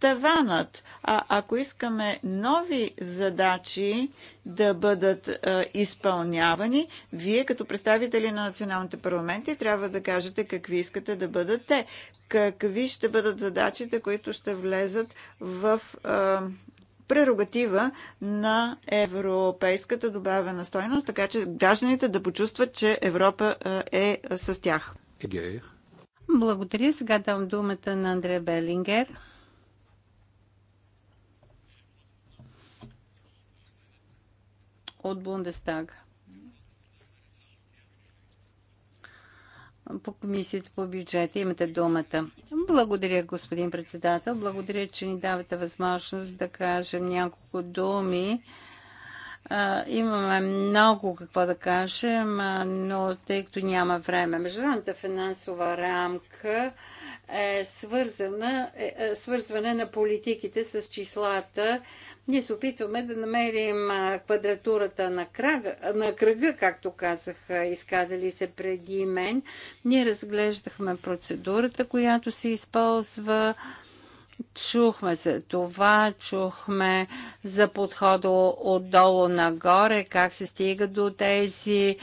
таванът. А ако искаме нови задачи да бъдат а, изпълнявани, вие като представители на националните парламенти трябва да кажете какви искате да бъдат те. Какви ще бъдат задачите, които ще влезат в а, прерогатива на европейската добавена стойност, така че гражданите да почувстват, че Европа е с тях. Благодаря. Сега давам думата на Андрея Белингер. от Бундестага. по комисията по бюджета. Имате думата. Благодаря, господин председател. Благодаря, че ни давате възможност да кажем няколко думи. А, имаме много какво да кажем, но тъй като няма време. Международната финансова рамка е свързана, е, е, свързване на политиките с числата ние се опитваме да намерим квадратурата на, крага, на кръга, както казах, изказали се преди мен. Ние разглеждахме процедурата, която се използва. Чухме за това, чухме за подхода отдолу нагоре, как се стига до тези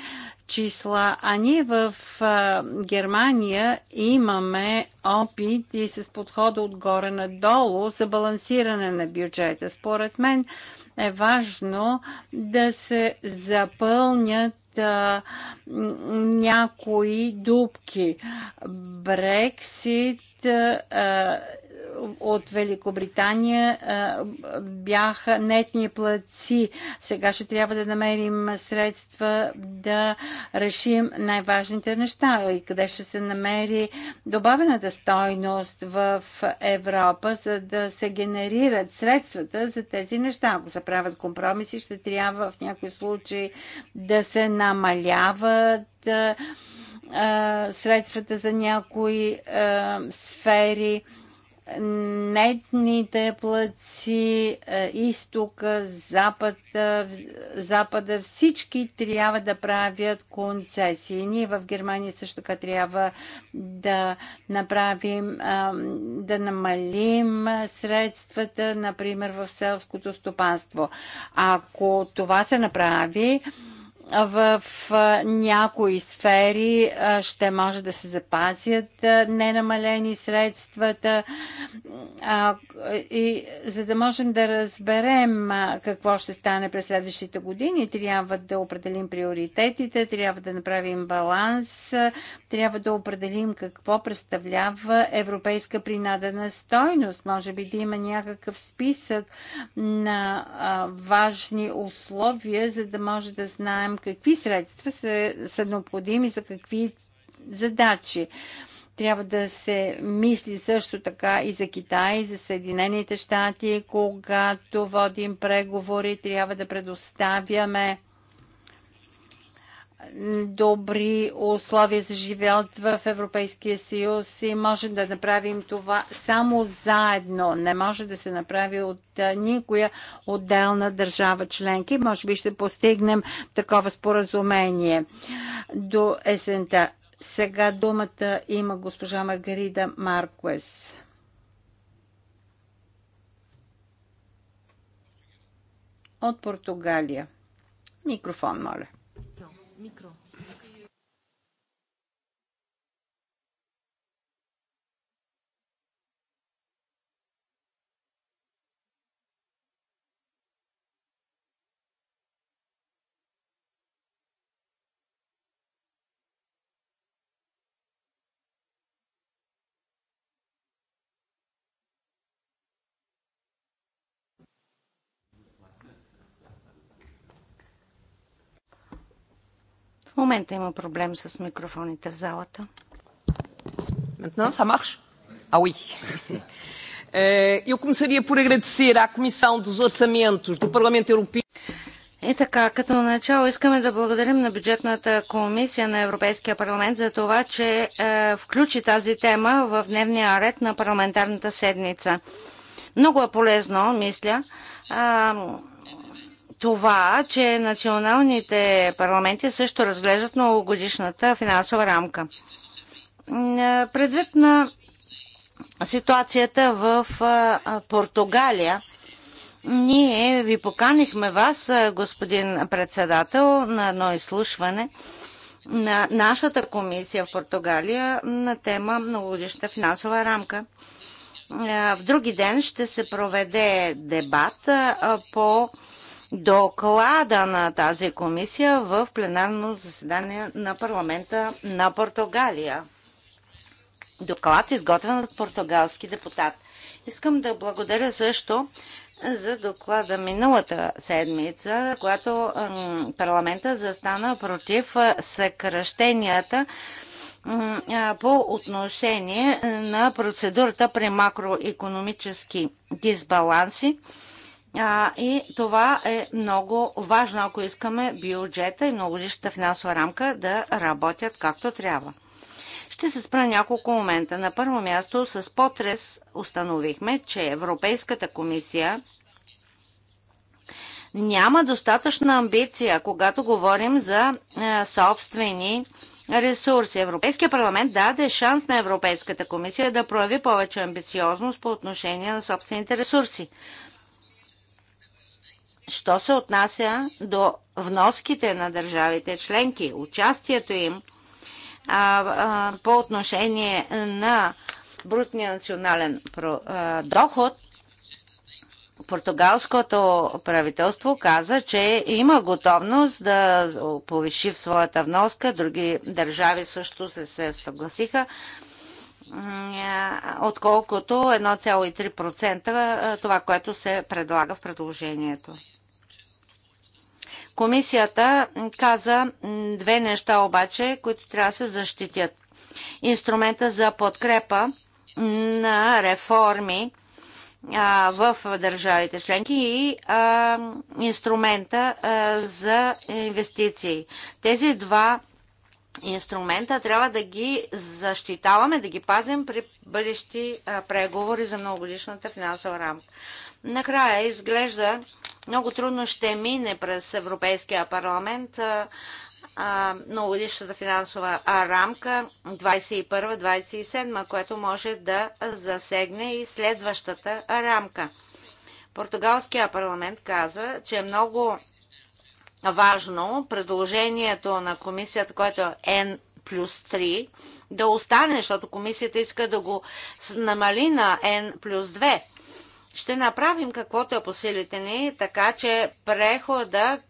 числа, а ние в а, Германия имаме опит и с подхода отгоре надолу за балансиране на бюджета. Според мен е важно да се запълнят а, някои дупки. Брексит а, от Великобритания бяха нетни плаци. Сега ще трябва да намерим средства да решим най-важните неща и къде ще се намери добавената стойност в Европа, за да се генерират средствата за тези неща. Ако се правят компромиси, ще трябва в някои случаи да се намаляват средствата за някои сфери нетните плъци, е, изтока, запада, е, запада, всички трябва да правят концесии. Ние в Германия също така трябва да направим, е, да намалим средствата, например в селското стопанство. Ако това се направи, в някои сфери ще може да се запазят ненамалени средствата и за да можем да разберем какво ще стане през следващите години, трябва да определим приоритетите, трябва да направим баланс, трябва да определим какво представлява европейска принадена стойност. Може би да има някакъв списък на важни условия, за да може да знаем знаем какви средства са, са необходими за какви задачи. Трябва да се мисли също така и за Китай, и за Съединените щати. Когато водим преговори, трябва да предоставяме добри условия за живеят в Европейския съюз и можем да направим това само заедно. Не може да се направи от никоя отделна държава членки. Може би ще постигнем такова споразумение до есента. Сега думата има госпожа Маргарида Маркуес. От Португалия. Микрофон, моля. Микро. момента има проблем с микрофоните в залата. Maintenant, ça marche? Ah oui. Eh, eu começaria por agradecer à Comissão dos Orçamentos do Parlamento Europeu. И така, като начало искаме да благодарим на бюджетната комисия на Европейския парламент за това, че е, включи тази тема в дневния ред на парламентарната седмица. Много е полезно, мисля. Е, това, че националните парламенти също разглеждат многогодишната финансова рамка. Предвид на ситуацията в Португалия, ние ви поканихме вас, господин председател, на едно изслушване на нашата комисия в Португалия на тема многогодишната финансова рамка. В други ден ще се проведе дебат по доклада на тази комисия в пленарно заседание на парламента на Португалия. Доклад изготвен от португалски депутат. Искам да благодаря също за доклада миналата седмица, когато парламента застана против съкръщенията по отношение на процедурата при макроекономически дисбаланси а, и това е много важно, ако искаме бюджета и многолишната финансова рамка да работят както трябва. Ще се спра няколко момента. На първо място с потрес установихме, че Европейската комисия няма достатъчна амбиция, когато говорим за е, собствени ресурси. Европейския парламент даде шанс на Европейската комисия да прояви повече амбициозност по отношение на собствените ресурси. Що се отнася до вноските на държавите членки, участието им а, а, по отношение на брутния национален доход, португалското правителство каза, че има готовност да повиши в своята вноска. Други държави също се, се съгласиха отколкото 1,3% това, което се предлага в предложението. Комисията каза две неща обаче, които трябва да се защитят. Инструмента за подкрепа на реформи в държавите членки и инструмента за инвестиции. Тези два инструмента, трябва да ги защитаваме, да ги пазим при бъдещи преговори за многогодишната финансова рамка. Накрая изглежда много трудно ще мине през Европейския парламент многогодишната финансова рамка 21-27, което може да засегне и следващата рамка. Португалския парламент каза, че е много важно предложението на комисията, което е N плюс 3, да остане, защото комисията иска да го намали на N плюс 2. Ще направим каквото е по силите ни, така че прехода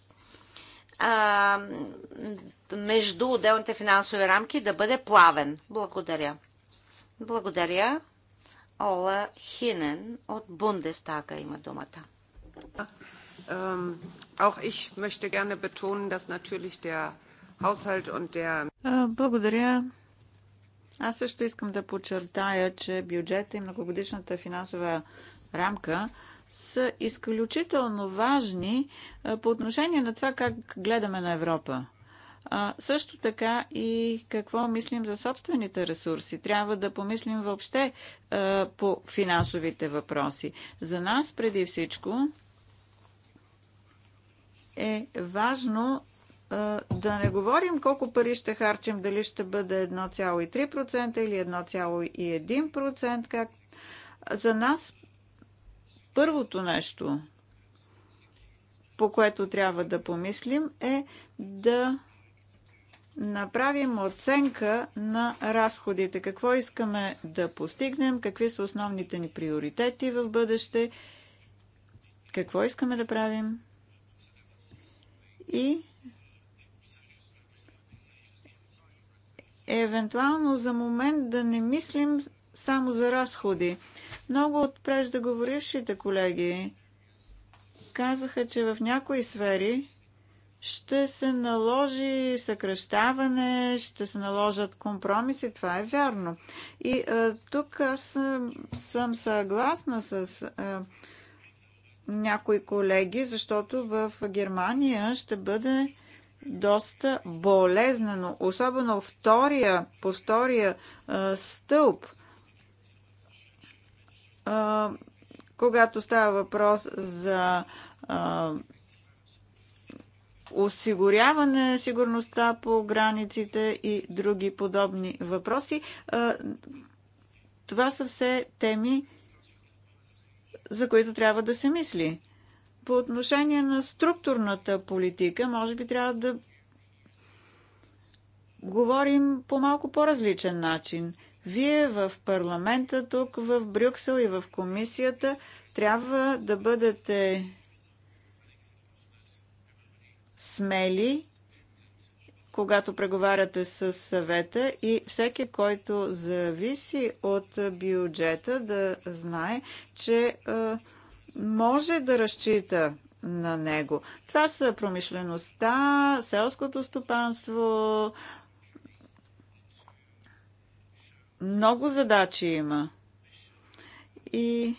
а, между отделните финансови рамки да бъде плавен. Благодаря. Благодаря. Ола Хинен от Бундестага има думата. Ähm, äh, благодаря. Аз също искам да подчертая, че бюджета и многогодишната финансова рамка са изключително важни е, по отношение на това как гледаме на Европа. А, също така и какво мислим за собствените ресурси. Трябва да помислим въобще а, е, по финансовите въпроси. За нас преди всичко е важно да не говорим колко пари ще харчим, дали ще бъде 1,3% или 1,1%. Как... За нас първото нещо, по което трябва да помислим, е да направим оценка на разходите. Какво искаме да постигнем, какви са основните ни приоритети в бъдеще, какво искаме да правим и евентуално за момент да не мислим само за разходи. Много от преждеговорившите колеги казаха, че в някои сфери ще се наложи съкръщаване, ще се наложат компромиси. Това е вярно. И а, тук аз съм, съгласна с а, някои колеги, защото в Германия ще бъде доста болезнено, особено втория, по втория а, стълб, а, когато става въпрос за а, осигуряване сигурността по границите и други подобни въпроси. А, това са все теми, за които трябва да се мисли. По отношение на структурната политика, може би трябва да говорим по малко по-различен начин. Вие в парламента, тук в Брюксел и в комисията трябва да бъдете смели когато преговаряте с съвета и всеки, който зависи от бюджета, да знае, че може да разчита на него. Това са промишлеността, селското стопанство. Много задачи има. И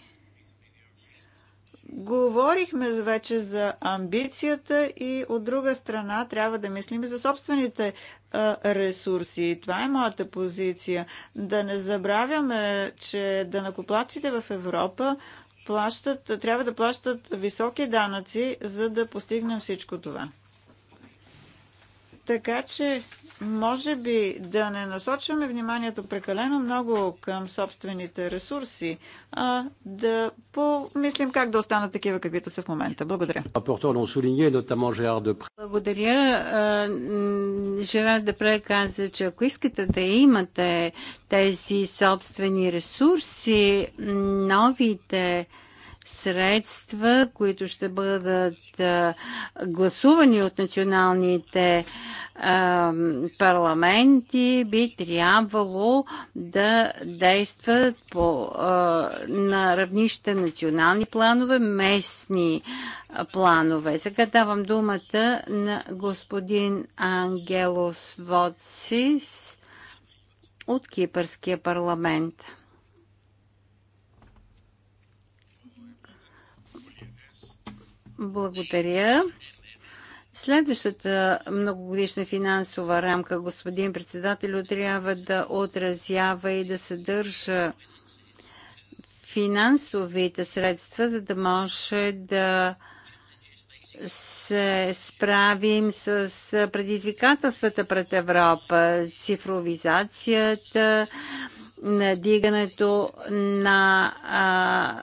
Говорихме вече за амбицията и от друга страна трябва да мислим и за собствените ресурси. Това е моята позиция. Да не забравяме, че данакоплаците в Европа плащат, трябва да плащат високи данъци, за да постигнем всичко това. Така че, може би да не насочваме вниманието прекалено много към собствените ресурси, а да помислим как да останат такива, каквито са в момента. Благодаря. Благодаря. Жерар Депре каза, че ако искате да имате тези собствени ресурси, новите средства, които ще бъдат гласувани от националните парламенти, би трябвало да действат по, на равнище национални планове, местни планове. Сега давам думата на господин Ангелос Водсис от Кипърския парламент. Благодаря. Следващата многогодишна финансова рамка, господин председател, трябва да отразява и да съдържа финансовите средства, за да може да се справим с предизвикателствата пред Европа, цифровизацията, надигането на а,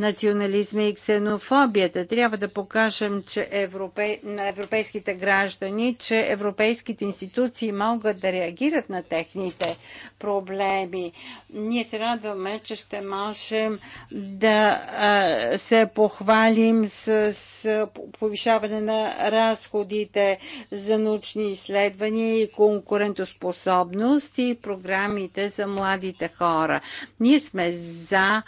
национализма и ксенофобията. Трябва да покажем че европе... на европейските граждани, че европейските институции могат да реагират на техните проблеми. Ние се радваме, че ще можем да а, се похвалим с, с повишаване на разходите за научни изследвания и конкурентоспособност и програмите за младите хора. Ние сме за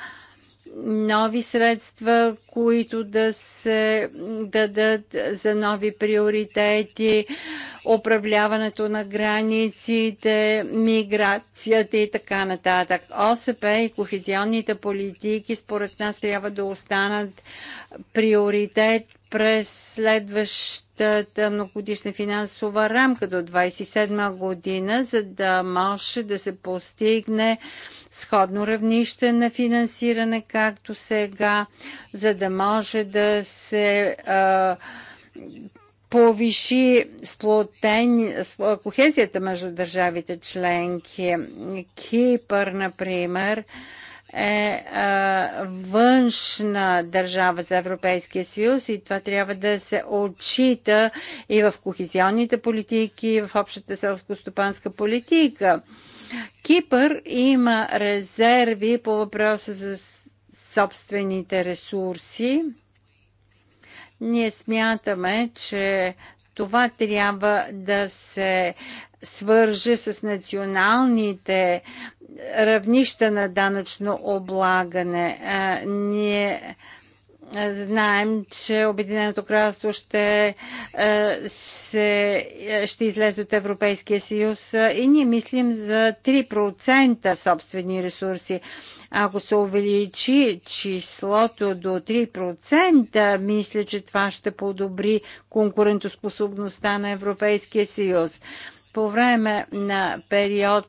нови средства, които да се дадат за нови приоритети, управляването на границите, миграцията и така нататък. ОСП и кохезионните политики според нас трябва да останат приоритет през следващата многогодишна финансова рамка до 27 година, за да може да се постигне сходно равнище на финансиране, както сега, за да може да се повиши сплотен, кохезията между държавите членки. Кипър, например, е а, е, външна държава за Европейския съюз и това трябва да се отчита и в кохезионните политики, и в общата селско-стопанска политика. Кипър има резерви по въпроса за собствените ресурси. Ние смятаме, че това трябва да се свърже с националните равнища на данъчно облагане. Ние Знаем, че Обединеното кралство ще, е, се, е, ще излезе от Европейския съюз е, и ние мислим за 3% собствени ресурси. Ако се увеличи числото до 3%, мисля, че това ще подобри конкурентоспособността на Европейския съюз. По време на период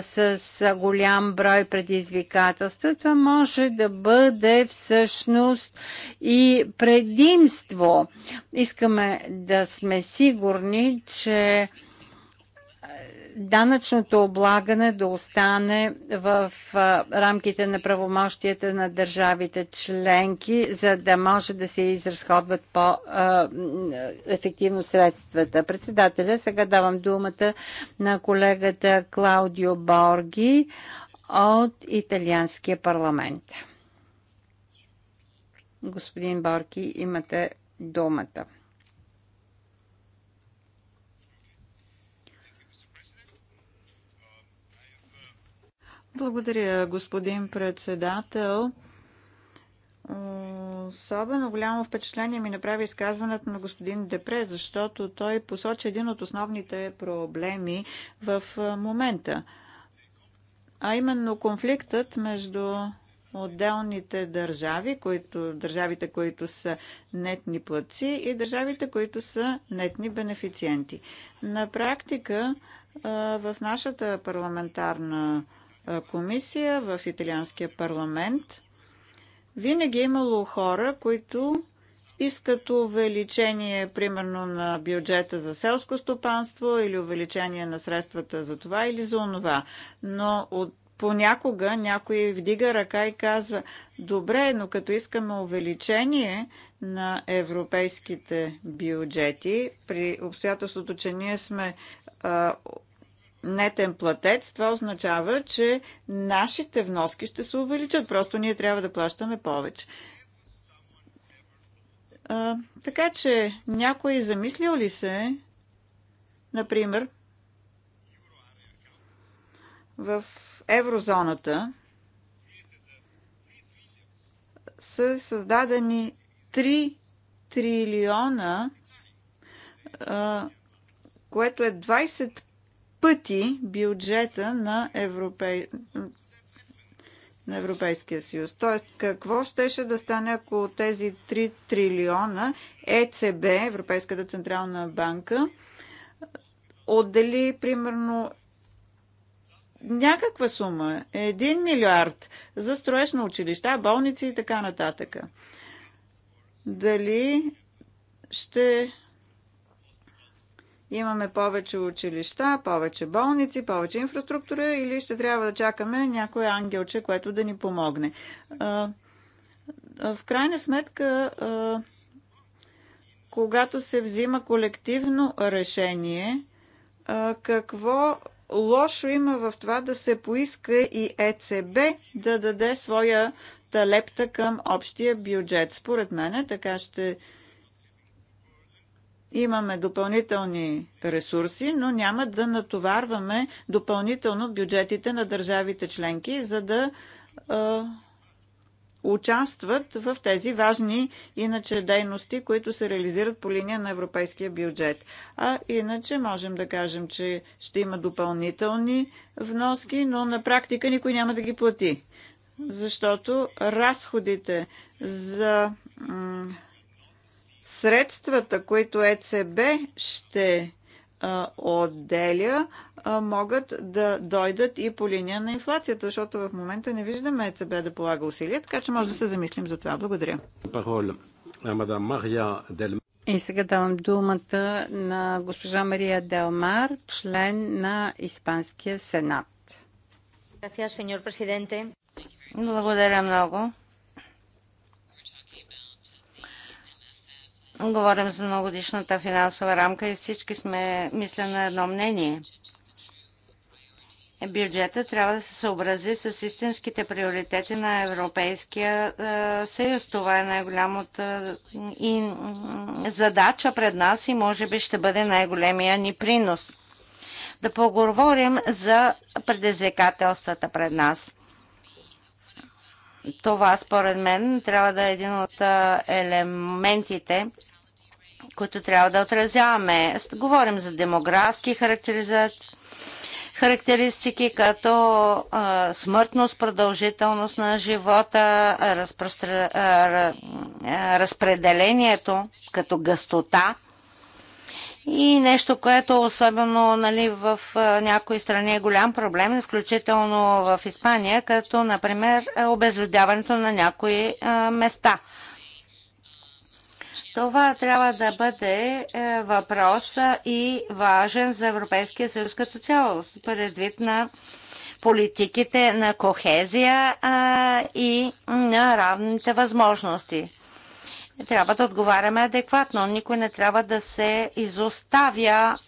с голям брой предизвикателства, това може да бъде всъщност и предимство. Искаме да сме сигурни, че данъчното облагане да остане в рамките на правомощията на държавите членки, за да може да се изразходват по-ефективно средствата. Председателя, сега давам думата на колегата Клаудио Борги от Италианския парламент. Господин Борки, имате думата. Благодаря, господин председател. Особено голямо впечатление ми направи изказването на господин Депре, защото той посочи един от основните проблеми в момента, а именно конфликтът между отделните държави, които, държавите, които са нетни платци и държавите, които са нетни бенефициенти. На практика в нашата парламентарна комисия, в италианския парламент, винаги е имало хора, които искат увеличение, примерно, на бюджета за селско стопанство или увеличение на средствата за това или за онова. Но от понякога някой вдига ръка и казва, добре, но като искаме увеличение на европейските бюджети, при обстоятелството, че ние сме а, нетен платец, това означава, че нашите вноски ще се увеличат. Просто ние трябва да плащаме повече. А, така че някой е замислил ли се, например, в еврозоната са създадени 3 трилиона, а, което е 20 пъти бюджета на, Европей... на Европейския съюз. Тоест, какво щеше да стане, ако тези 3 трилиона ЕЦБ, Европейската централна банка, отдели примерно някаква сума, 1 милиард за строеж на училища, болници и така нататък. Дали ще имаме повече училища, повече болници, повече инфраструктура или ще трябва да чакаме някой ангелче, което да ни помогне. В крайна сметка, когато се взима колективно решение, какво лошо има в това да се поиска и ЕЦБ да даде своята лепта към общия бюджет? Според мен така ще имаме допълнителни ресурси, но няма да натоварваме допълнително бюджетите на държавите членки, за да а, участват в тези важни иначе дейности, които се реализират по линия на европейския бюджет. А иначе можем да кажем, че ще има допълнителни вноски, но на практика никой няма да ги плати. Защото разходите за средствата, които ЕЦБ ще отделя, могат да дойдат и по линия на инфлацията, защото в момента не виждаме ЕЦБ да полага усилия, така че може да се замислим за това. Благодаря. И сега давам думата на госпожа Мария Делмар, член на Испанския сенат. Благодаря много. Говорим за многодишната финансова рамка и всички сме, мисля, на едно мнение. Бюджета трябва да се съобрази с истинските приоритети на Европейския е, съюз. Това е най-голямата е, и задача пред нас и може би ще бъде най-големия ни принос. Да поговорим за предизвикателствата пред нас. Това, според мен, трябва да е един от елементите, които трябва да отразяваме. Говорим за демографски характеризации, характеристики като а, смъртност, продължителност на живота, разпростр... а, разпределението като гъстота и нещо, което особено нали, в някои страни е голям проблем, включително в Испания, като например обезлюдяването на някои места. Това трябва да бъде е, въпрос и важен за Европейския съюз като цяло, предвид на политиките на кохезия а, и на равните възможности трябва да отговаряме адекватно. Никой не трябва да се изоставя,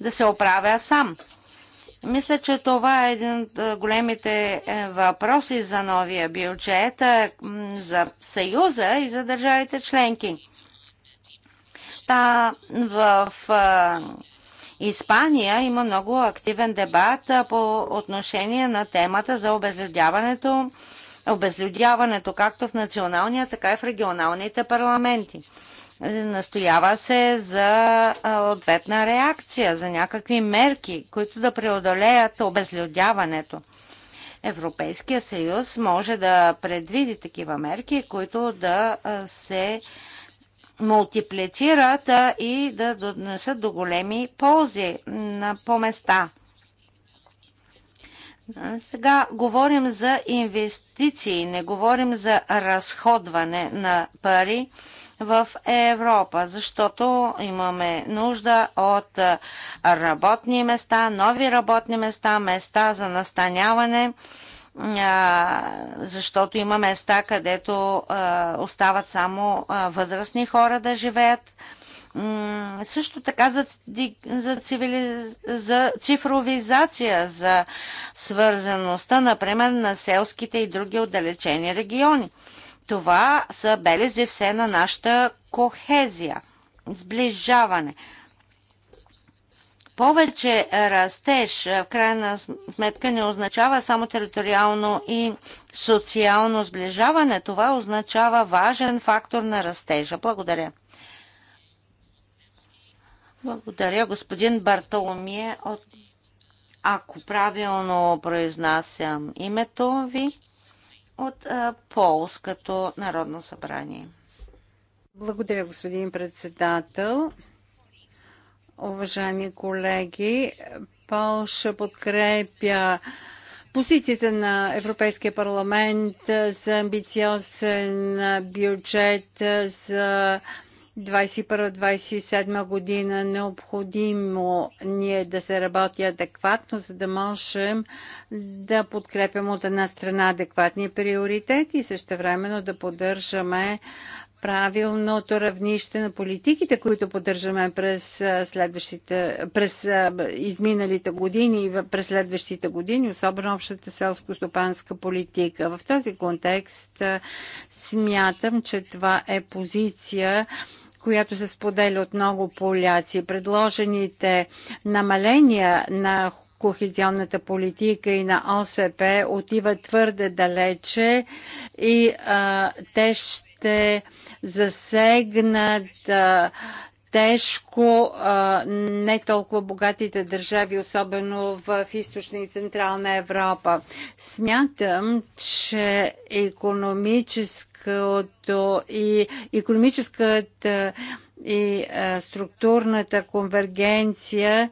да се оправя сам. Мисля, че това е един от големите е, въпроси за новия бюджет, за Съюза и за държавите членки. Та в Испания има много активен дебат по отношение на темата за обезлюдяването обезлюдяването както в националния, така и в регионалните парламенти. Настоява се за ответна реакция, за някакви мерки, които да преодолеят обезлюдяването. Европейския съюз може да предвиди такива мерки, които да се мултиплицират и да донесат до големи ползи на по места. Сега говорим за инвестиции, не говорим за разходване на пари в Европа, защото имаме нужда от работни места, нови работни места, места за настаняване, защото има места, където остават само възрастни хора да живеят също така за, за, цивили, за цифровизация, за свързаността, например, на селските и други отдалечени региони. Това са белези все на нашата кохезия, сближаване повече растеж в крайна сметка не означава само териториално и социално сближаване. Това означава важен фактор на растежа. Благодаря. Благодаря, господин Бартоломие. От... Ако правилно произнасям името ви, от а, Полското народно събрание. Благодаря, господин председател. Уважаеми колеги, Полша подкрепя позицията на Европейския парламент за амбициозен бюджет за 2021-2027 година необходимо ние да се работи адекватно, за да можем да подкрепим от една страна адекватни приоритети и също времено да поддържаме правилното равнище на политиките, които поддържаме през следващите, през изминалите години и през следващите години, особено общата селско-стопанска политика. В този контекст смятам, че това е позиция, която се споделя от много поляци. Предложените намаления на кохезионната политика и на ОСП отиват твърде далече и а, те ще засегнат а, тежко а, не толкова богатите държави, особено в, в източна и централна Европа. Смятам, че економическото и економическата и е, структурната конвергенция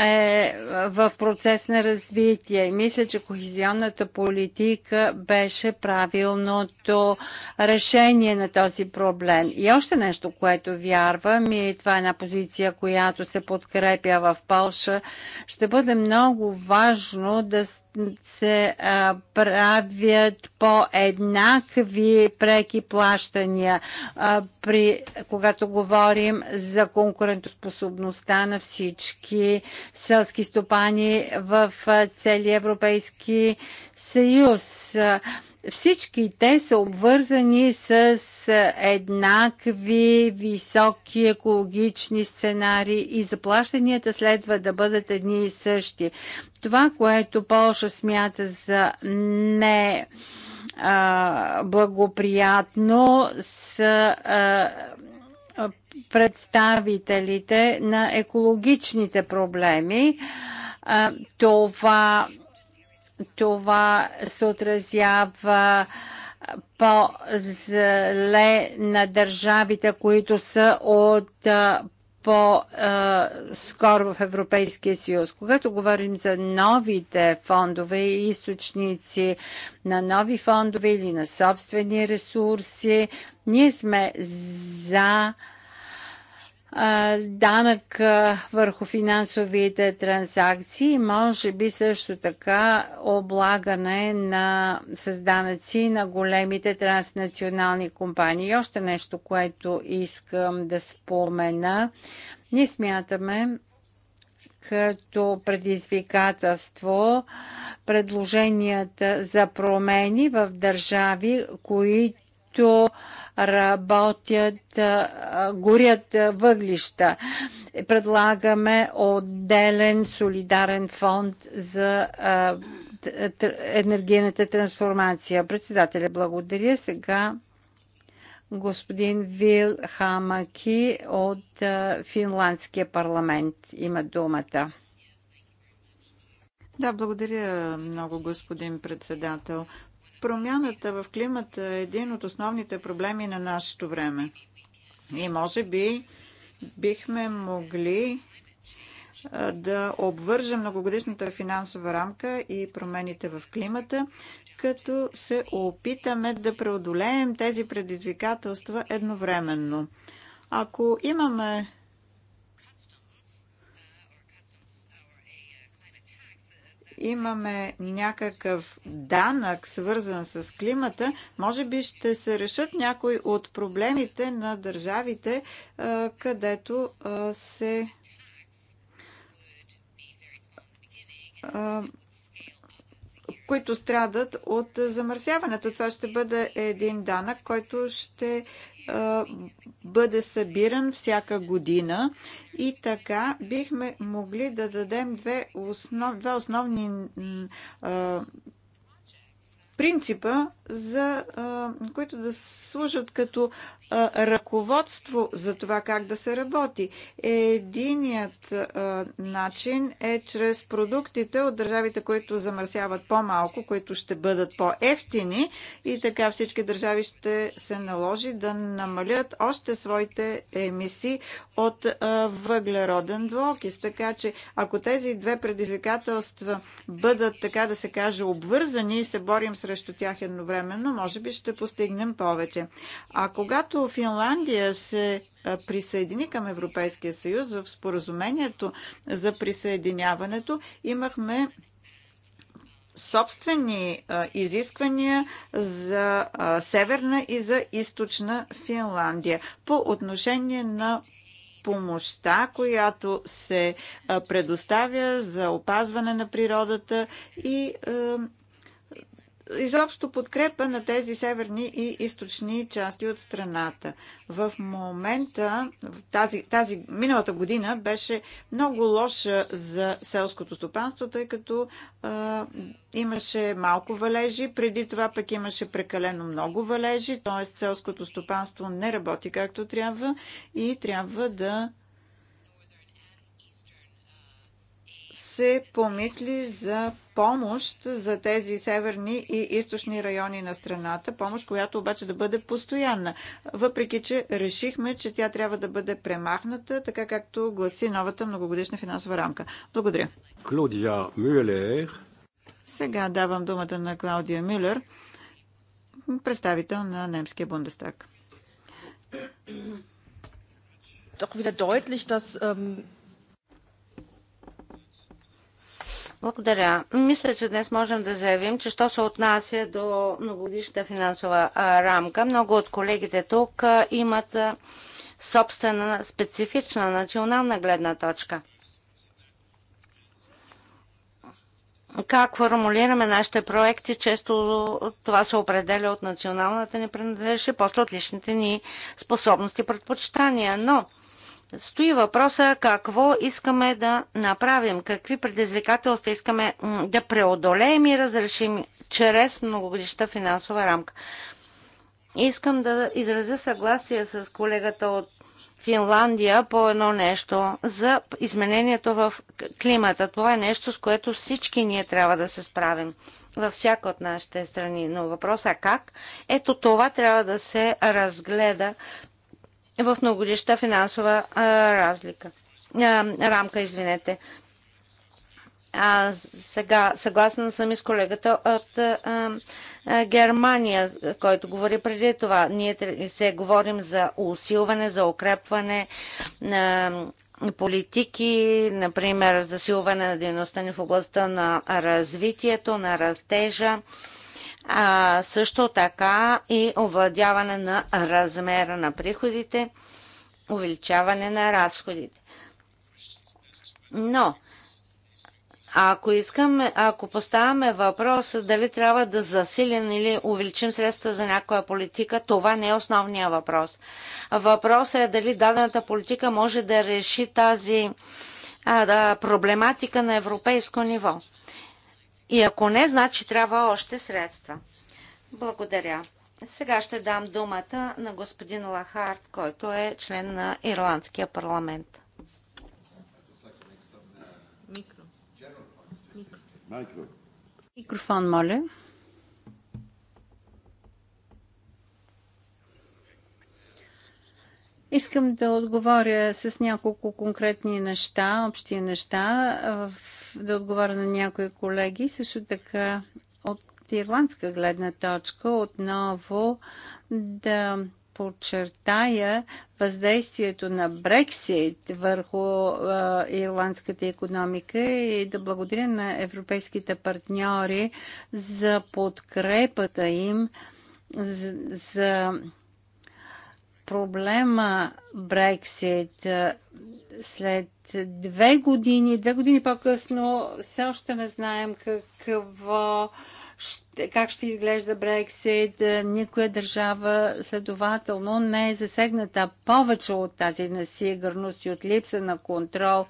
е в процес на развитие. И мисля, че кохезионната политика беше правилното решение на този проблем. И още нещо, което вярвам и това е една позиция, която се подкрепя в Палша, ще бъде много важно да се а, правят по-еднакви преки плащания, а, при, когато говорим за конкурентоспособността на всички селски стопани в целия Европейски съюз. Всички те са обвързани с еднакви високи екологични сценари и заплащанията следва да бъдат едни и същи. Това, което Полша смята за не благоприятно, са представителите на екологичните проблеми. това, това се отразява по-зле на държавите, които са от по-скоро в Европейския съюз. Когато говорим за новите фондове и източници на нови фондове или на собствени ресурси, ние сме за данък върху финансовите транзакции, може би също така облагане на създанъци на големите транснационални компании. И още нещо, което искам да спомена. Ние смятаме, като предизвикателство предложенията за промени в държави, които които работят, горят въглища. Предлагаме отделен солидарен фонд за енергийната трансформация. Председателя, благодаря. Сега господин Вил Хамаки от Финландския парламент има думата. Да, благодаря много, господин председател. Промяната в климата е един от основните проблеми на нашето време. И може би бихме могли да обвържем многогодишната финансова рамка и промените в климата, като се опитаме да преодолеем тези предизвикателства едновременно. Ако имаме имаме някакъв данък, свързан с климата, може би ще се решат някои от проблемите на държавите, където се които страдат от замърсяването. Това ще бъде един данък, който ще бъде събиран всяка година и така бихме могли да дадем две основ, два основни принципа за, а, които да служат като а, ръководство за това как да се работи. Единият а, начин е чрез продуктите от държавите, които замърсяват по-малко, които ще бъдат по-ефтини и така всички държави ще се наложи да намалят още своите емисии от а, въглероден двуокис. Така че ако тези две предизвикателства бъдат, така да се каже, обвързани и се борим срещу тях едновременно, едновременно, може би ще постигнем повече. А когато Финландия се присъедини към Европейския съюз в споразумението за присъединяването, имахме собствени изисквания за Северна и за Източна Финландия по отношение на помощта, която се предоставя за опазване на природата и изобщо подкрепа на тези северни и източни части от страната. В момента, тази, тази миналата година беше много лоша за селското стопанство, тъй като а, имаше малко валежи, преди това пък имаше прекалено много валежи, т.е. селското стопанство не работи както трябва и трябва да се помисли за помощ за тези северни и източни райони на страната, помощ, която обаче да бъде постоянна. Въпреки, че решихме, че тя трябва да бъде премахната, така както гласи новата многогодишна финансова рамка. Благодаря. Клодия Мюлер. Сега давам думата на Клаудия Мюлер, представител на немския Бундестаг. Doch wieder deutlich, dass ähm, Благодаря. Мисля, че днес можем да заявим, че що се отнася до многогодишната финансова рамка, много от колегите тук имат собствена специфична национална гледна точка. Как формулираме нашите проекти, често това се определя от националната ни принадлежност, после от личните ни способности и предпочитания. Но Стои въпроса какво искаме да направим, какви предизвикателства искаме да преодолеем и разрешим чрез многогодишната финансова рамка. Искам да изразя съгласие с колегата от Финландия по едно нещо за изменението в климата. Това е нещо, с което всички ние трябва да се справим във всяка от нашите страни. Но въпроса как? Ето това трябва да се разгледа в многодища финансова а, разлика, а, рамка. Извинете. А, сега съгласна съм и с колегата от а, а, Германия, който говори преди това. Ние се говорим за усилване, за укрепване на политики, например засилване на дейността ни в областта на развитието, на растежа. А, а, също така и овладяване на размера на приходите, увеличаване на разходите. Но, ако искаме, ако поставяме въпрос дали трябва да засилим или увеличим средства за някоя политика, това не е основният въпрос. Въпросът е дали дадената политика може да реши тази а, да, проблематика на европейско ниво. И ако не, значи трябва още средства. Благодаря. Сега ще дам думата на господин Лахард, който е член на Ирландския парламент. Микро. Микрофон, моля. Искам да отговоря с няколко конкретни неща, общи неща. В да отговоря на някои колеги. Също така от ирландска гледна точка отново да подчертая въздействието на Брексит върху а, ирландската економика и да благодаря на европейските партньори за подкрепата им за, за проблема Брексит след две години, две години по-късно, все още не знаем какво как ще изглежда Брексит. Никоя държава следователно не е засегната повече от тази несигурност и от липса на контрол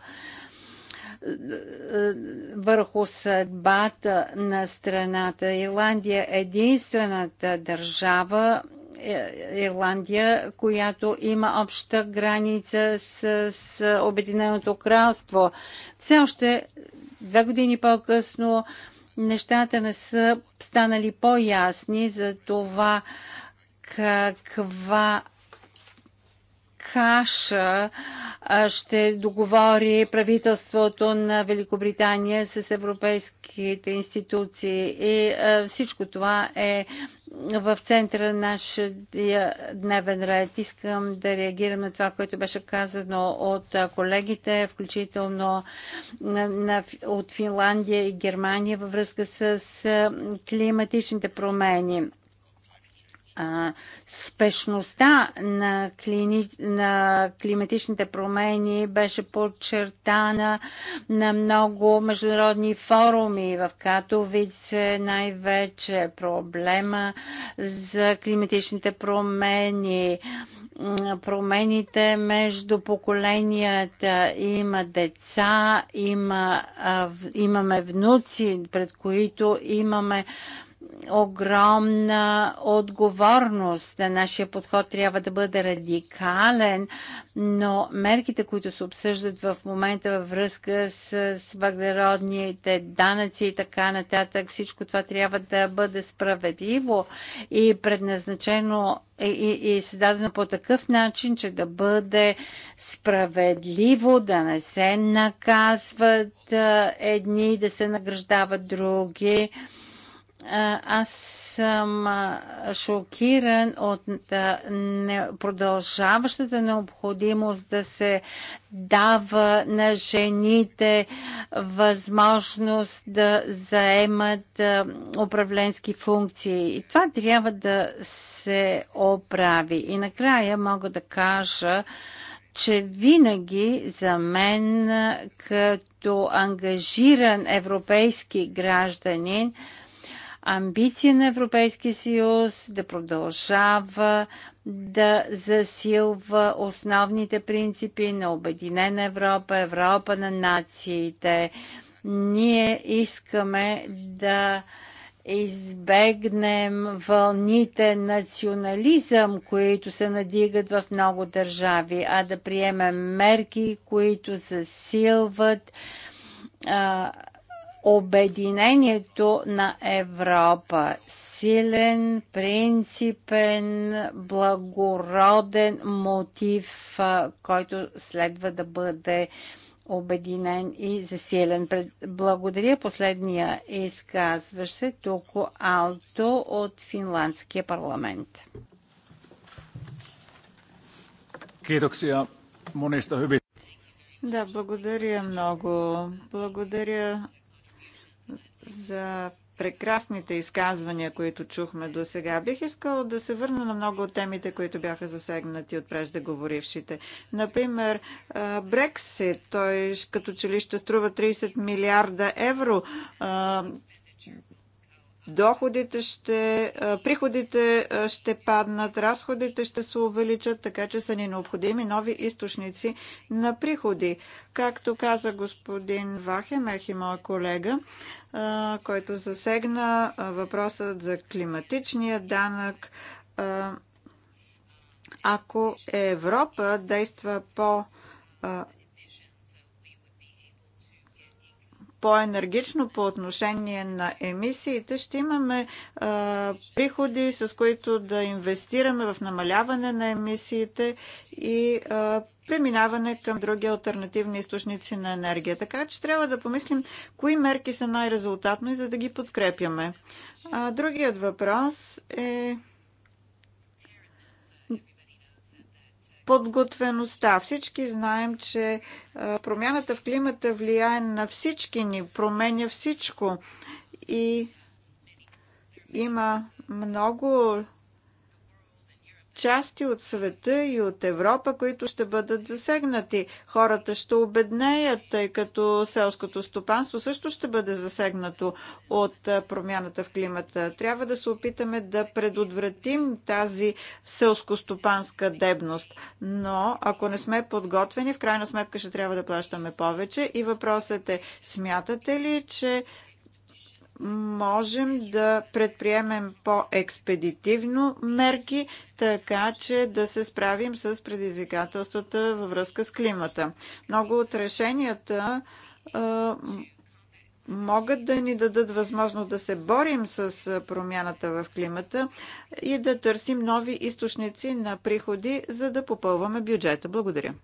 върху съдбата на страната. Ирландия е единствената държава е, Ирландия, която има обща граница с, с Обединеното кралство. Все още две години по-късно нещата не са станали по-ясни за това каква каша ще договори правителството на Великобритания с европейските институции. И всичко това е в центъра на нашия дневен ред. Искам да реагирам на това, което беше казано от колегите, включително на, на, от Финландия и Германия във връзка с климатичните промени а, спешността на, клини... на климатичните промени беше подчертана на много международни форуми в Катовице, най-вече проблема за климатичните промени промените между поколенията. Има деца, има, имаме внуци, пред които имаме огромна отговорност. На нашия подход трябва да бъде радикален, но мерките, които се обсъждат в момента във връзка с, с въглеродните данъци и така нататък, всичко това трябва да бъде справедливо и предназначено и, и, и създадено по такъв начин, че да бъде справедливо, да не се наказват едни, да се награждават други аз съм шокиран от продължаващата необходимост да се дава на жените възможност да заемат управленски функции. И това трябва да се оправи. И накрая мога да кажа, че винаги за мен като ангажиран европейски гражданин, амбиция на Европейския съюз да продължава да засилва основните принципи на Обединена Европа, Европа на нациите. Ние искаме да избегнем вълните национализъм, които се надигат в много държави, а да приемем мерки, които засилват а, обединението на Европа. Силен, принципен, благороден мотив, който следва да бъде обединен и засилен. Благодаря последния изказващ се Туко Алто от Финландския парламент. Да, благодаря много. Благодаря за прекрасните изказвания, които чухме до сега. Бих искал да се върна на много от темите, които бяха засегнати от преждеговорившите. Например, Брексит, той като че ли ще струва 30 милиарда евро доходите ще, приходите ще паднат, разходите ще се увеличат, така че са ни необходими нови източници на приходи. Както каза господин Вахемех и моя колега, който засегна въпросът за климатичния данък, ако Европа действа по по-енергично по отношение на емисиите, ще имаме а, приходи, с които да инвестираме в намаляване на емисиите и а, преминаване към други альтернативни източници на енергия. Така че трябва да помислим кои мерки са най-резултатни, за да ги подкрепяме. А, другият въпрос е подготвеността. Всички знаем, че е, промяната в климата влияе на всички ни, променя всичко. И има много части от света и от Европа, които ще бъдат засегнати. Хората ще обеднеят, тъй като селското стопанство също ще бъде засегнато от промяната в климата. Трябва да се опитаме да предотвратим тази селскостопанска дебност. Но ако не сме подготвени, в крайна сметка ще трябва да плащаме повече. И въпросът е, смятате ли, че можем да предприемем по-експедитивно мерки, така че да се справим с предизвикателствата във връзка с климата. Много от решенията могат да ни дадат възможност да се борим с промяната в климата и да търсим нови източници на приходи, за да попълваме бюджета. Благодаря.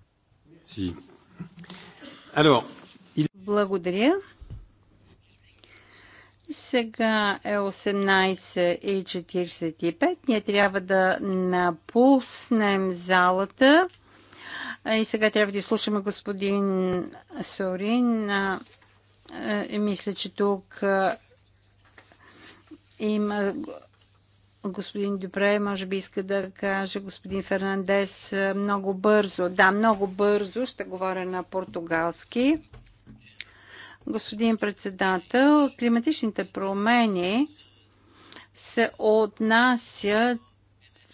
Благодаря. Сега е 18.45. Ние трябва да напуснем залата. И сега трябва да изслушаме господин Сорин. Е, мисля, че тук има господин Дюпре, може би иска да каже господин Фернандес много бързо. Да, много бързо ще говоря на португалски. Господин председател, климатичните промени се отнасят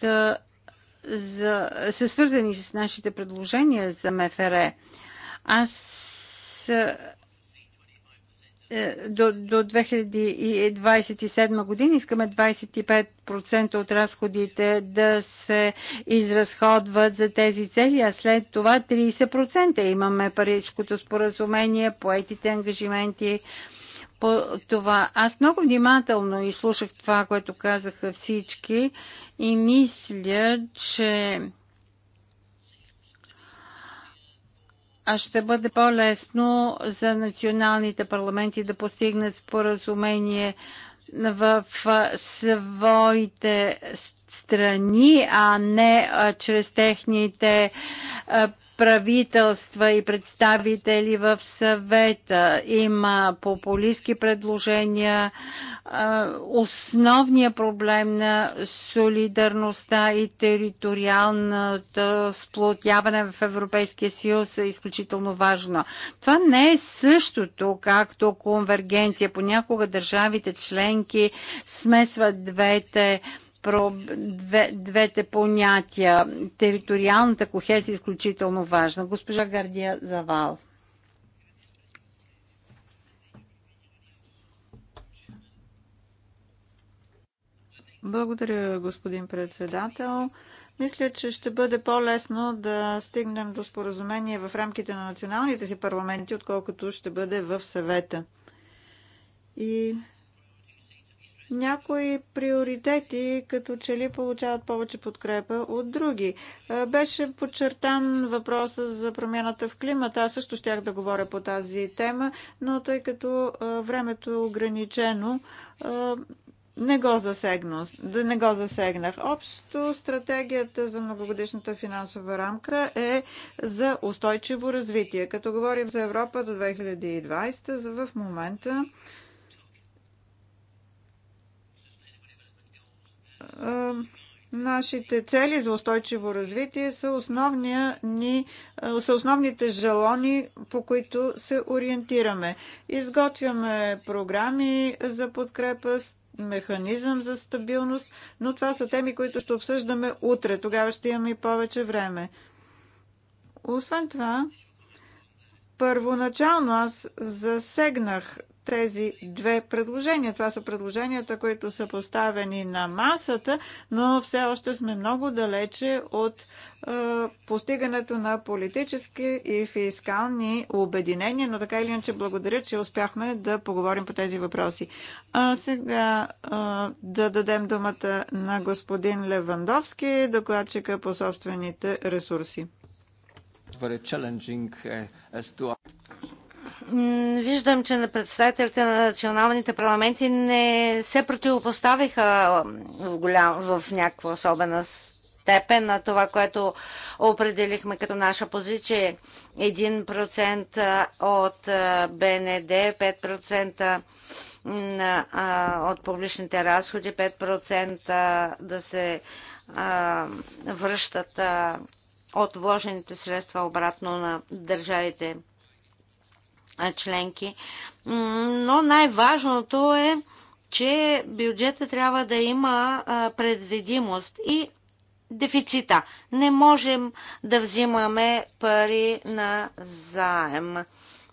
за, са свързани с нашите предложения за МФР. Аз е, до, до 2027 година искаме 25% от разходите да се изразходват за тези цели, а след това 30% имаме паричкото споразумение, поетите ангажименти по това. Аз много внимателно изслушах това, което казаха всички и мисля, че ще бъде по-лесно за националните парламенти да постигнат споразумение в своите страни, а не чрез техните правителства и представители в съвета. Има популистски предложения. Основният проблем на солидарността и териториалната сплотяване в Европейския съюз е изключително важно. Това не е същото, както конвергенция. Понякога държавите членки смесват двете про две, двете понятия. Териториалната кохезия е изключително важна. Госпожа Гардия Завал. Благодаря, господин председател. Мисля, че ще бъде по-лесно да стигнем до споразумение в рамките на националните си парламенти, отколкото ще бъде в съвета. И някои приоритети като че ли получават повече подкрепа от други. Беше подчертан въпроса за промяната в климата. Аз също щях да говоря по тази тема, но тъй като времето е ограничено, не го, засегнах, да не го засегнах. Общо стратегията за многогодишната финансова рамка е за устойчиво развитие. Като говорим за Европа до 2020, в момента Нашите цели за устойчиво развитие са, основния ни, са основните жалони, по които се ориентираме. Изготвяме програми за подкрепа, механизъм за стабилност, но това са теми, които ще обсъждаме утре. Тогава ще имаме и повече време. Освен това, първоначално аз засегнах тези две предложения. Това са предложенията, които са поставени на масата, но все още сме много далече от е, постигането на политически и фискални обединения, но така или иначе благодаря, че успяхме да поговорим по тези въпроси. А сега е, да дадем думата на господин Левандовски, докладчика по собствените ресурси виждам, че на представителите на националните парламенти не се противопоставиха в, голям, в някаква особена степен на това, което определихме като наша позиция. 1% от БНД, 5% на, а, от публичните разходи, 5% да се а, връщат а, от вложените средства обратно на държавите членки. Но най-важното е, че бюджета трябва да има предвидимост и дефицита. Не можем да взимаме пари на заем.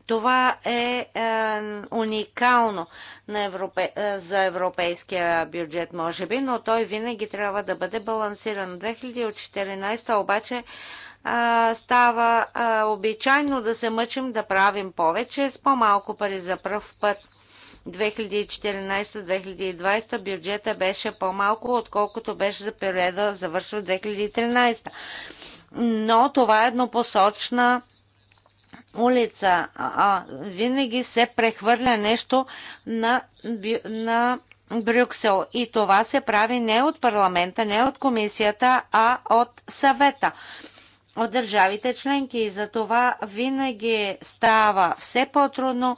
Това е, е уникално на европе, е, за европейския бюджет, може би, но той винаги трябва да бъде балансиран. 2014 обаче а, става а, обичайно да се мъчим да правим повече с по-малко пари за пръв път. 2014-2020 бюджета беше по-малко, отколкото беше за периода завършва 2013. Но това е еднопосочна улица. А, винаги се прехвърля нещо на, на Брюксел. И това се прави не от парламента, не от комисията, а от съвета от държавите членки. И за това винаги става все по-трудно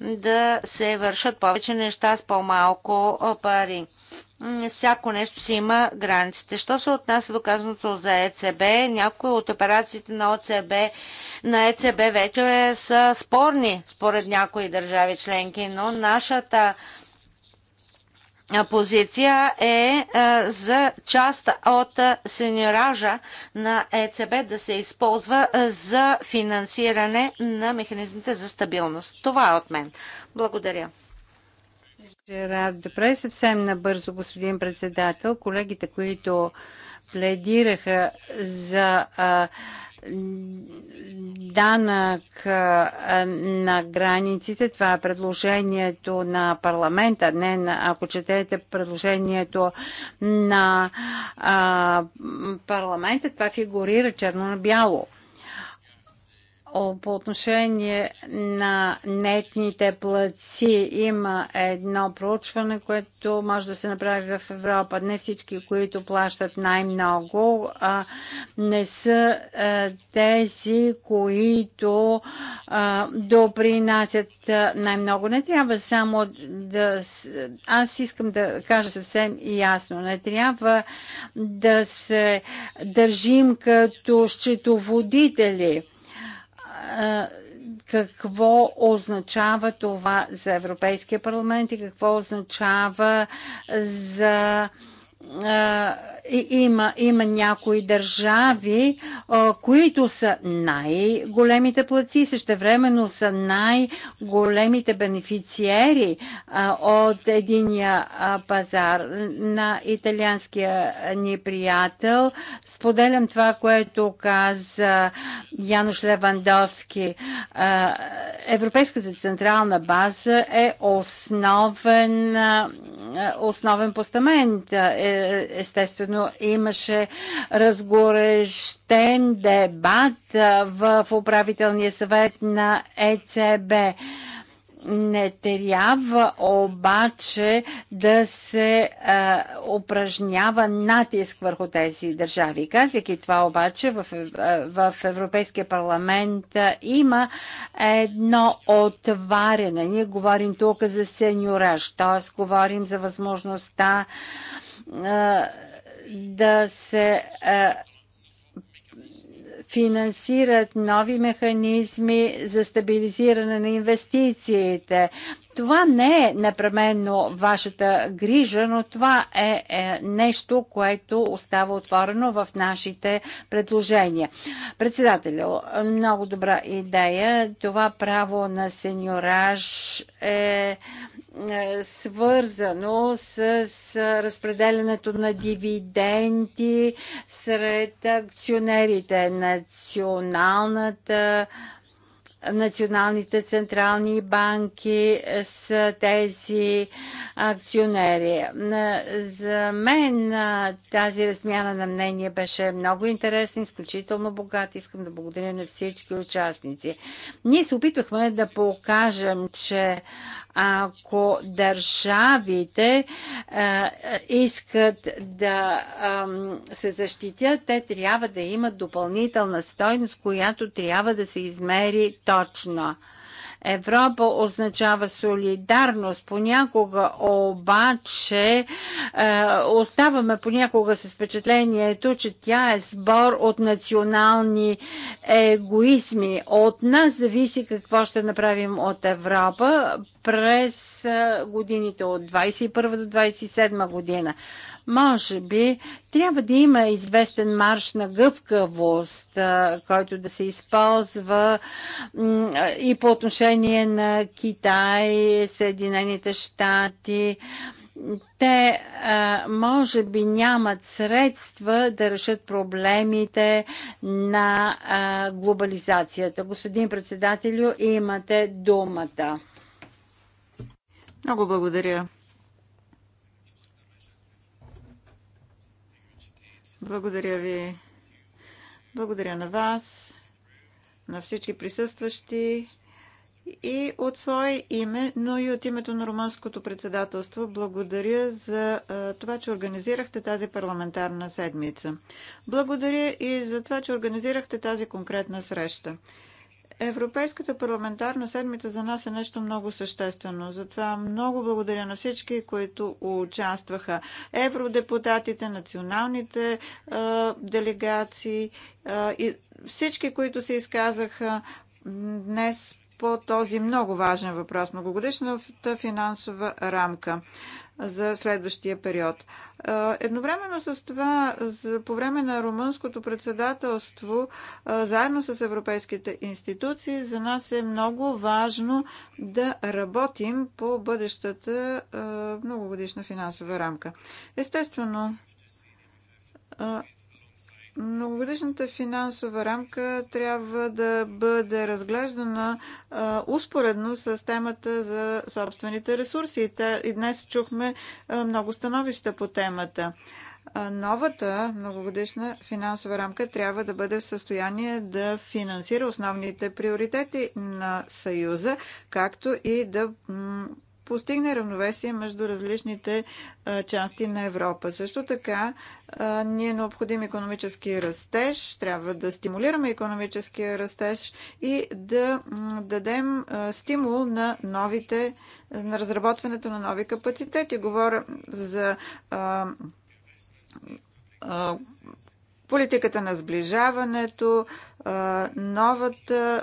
да се вършат повече неща с по-малко пари. Всяко нещо си има границите. Що се отнася до казаното за ЕЦБ, някои от операциите на ОЦБ, на ЕЦБ вече са спорни според някои държави членки, но нашата позиция е за част от сенеража на ЕЦБ да се използва за финансиране на механизмите за стабилност. Това е от мен. Благодаря. Жерар Депре, съвсем набързо, господин председател, колегите, които пледираха за а, данък на границите. Това е предложението на парламента. Не, на, ако четете предложението на а, парламента, това фигурира черно на бяло по отношение на нетните плаци има едно проучване, което може да се направи в Европа. Не всички, които плащат най-много, не са а, тези, които а, допринасят най-много. Не трябва само да... Аз искам да кажа съвсем ясно. Не трябва да се държим като счетоводители какво означава това за Европейския парламент и какво означава за има, има някои държави, които са най-големите плаци, същевременно са най-големите бенефициери от единия пазар на италианския ни приятел. Споделям това, което каза Януш Левандовски. Европейската централна база е основен, основен постамент, е, естествено примерно имаше разгорещен дебат в управителния съвет на ЕЦБ. Не трябва обаче да се а, упражнява натиск върху тези държави. Казвайки това обаче, в, в Европейския парламент а, има едно отваряне. Ние говорим тук за сеньораж, т.е. говорим за възможността да се е, финансират нови механизми за стабилизиране на инвестициите. Това не е непременно вашата грижа, но това е, е нещо, което остава отворено в нашите предложения. Председателю, много добра идея. Това право на сеньораж е е, свързано с, разпределянето на дивиденти сред акционерите. Националната националните централни банки с тези акционери. Е, за мен е, тази размяна на мнение беше много интересна, изключително богата. Искам да благодаря на всички участници. Ние се опитвахме да покажем, че ако държавите а, искат да а, се защитят, те трябва да имат допълнителна стойност, която трябва да се измери точно. Европа означава солидарност. Понякога обаче е, оставаме понякога с впечатлението, че тя е сбор от национални егоизми. От нас зависи какво ще направим от Европа през е, годините от 21 до 27 година. Може би трябва да има известен марш на гъвкавост, който да се използва и по отношение на Китай, Съединените щати те може би нямат средства да решат проблемите на глобализацията. Господин председателю, имате думата. Много благодаря. Благодаря ви. Благодаря на вас, на всички присъстващи и от свое име, но и от името на румънското председателство благодаря за това, че организирахте тази парламентарна седмица. Благодаря и за това, че организирахте тази конкретна среща. Европейската парламентарна седмица за нас е нещо много съществено. Затова много благодаря на всички, които участваха. Евродепутатите, националните е, делегации е, и всички, които се изказаха днес по този много важен въпрос. Многогодишната финансова рамка за следващия период. Едновременно с това, по време на румънското председателство, заедно с европейските институции, за нас е много важно да работим по бъдещата многогодишна финансова рамка. Естествено, Многогодишната финансова рамка трябва да бъде разглеждана а, успоредно с темата за собствените ресурси. И днес чухме а, много становища по темата новата многогодишна финансова рамка трябва да бъде в състояние да финансира основните приоритети на Съюза, както и да постигне равновесие между различните части на Европа. Също така ни е необходим економически растеж, трябва да стимулираме економическия растеж и да дадем стимул на новите, на разработването на нови капацитети. Говоря за Политиката на сближаването, новата,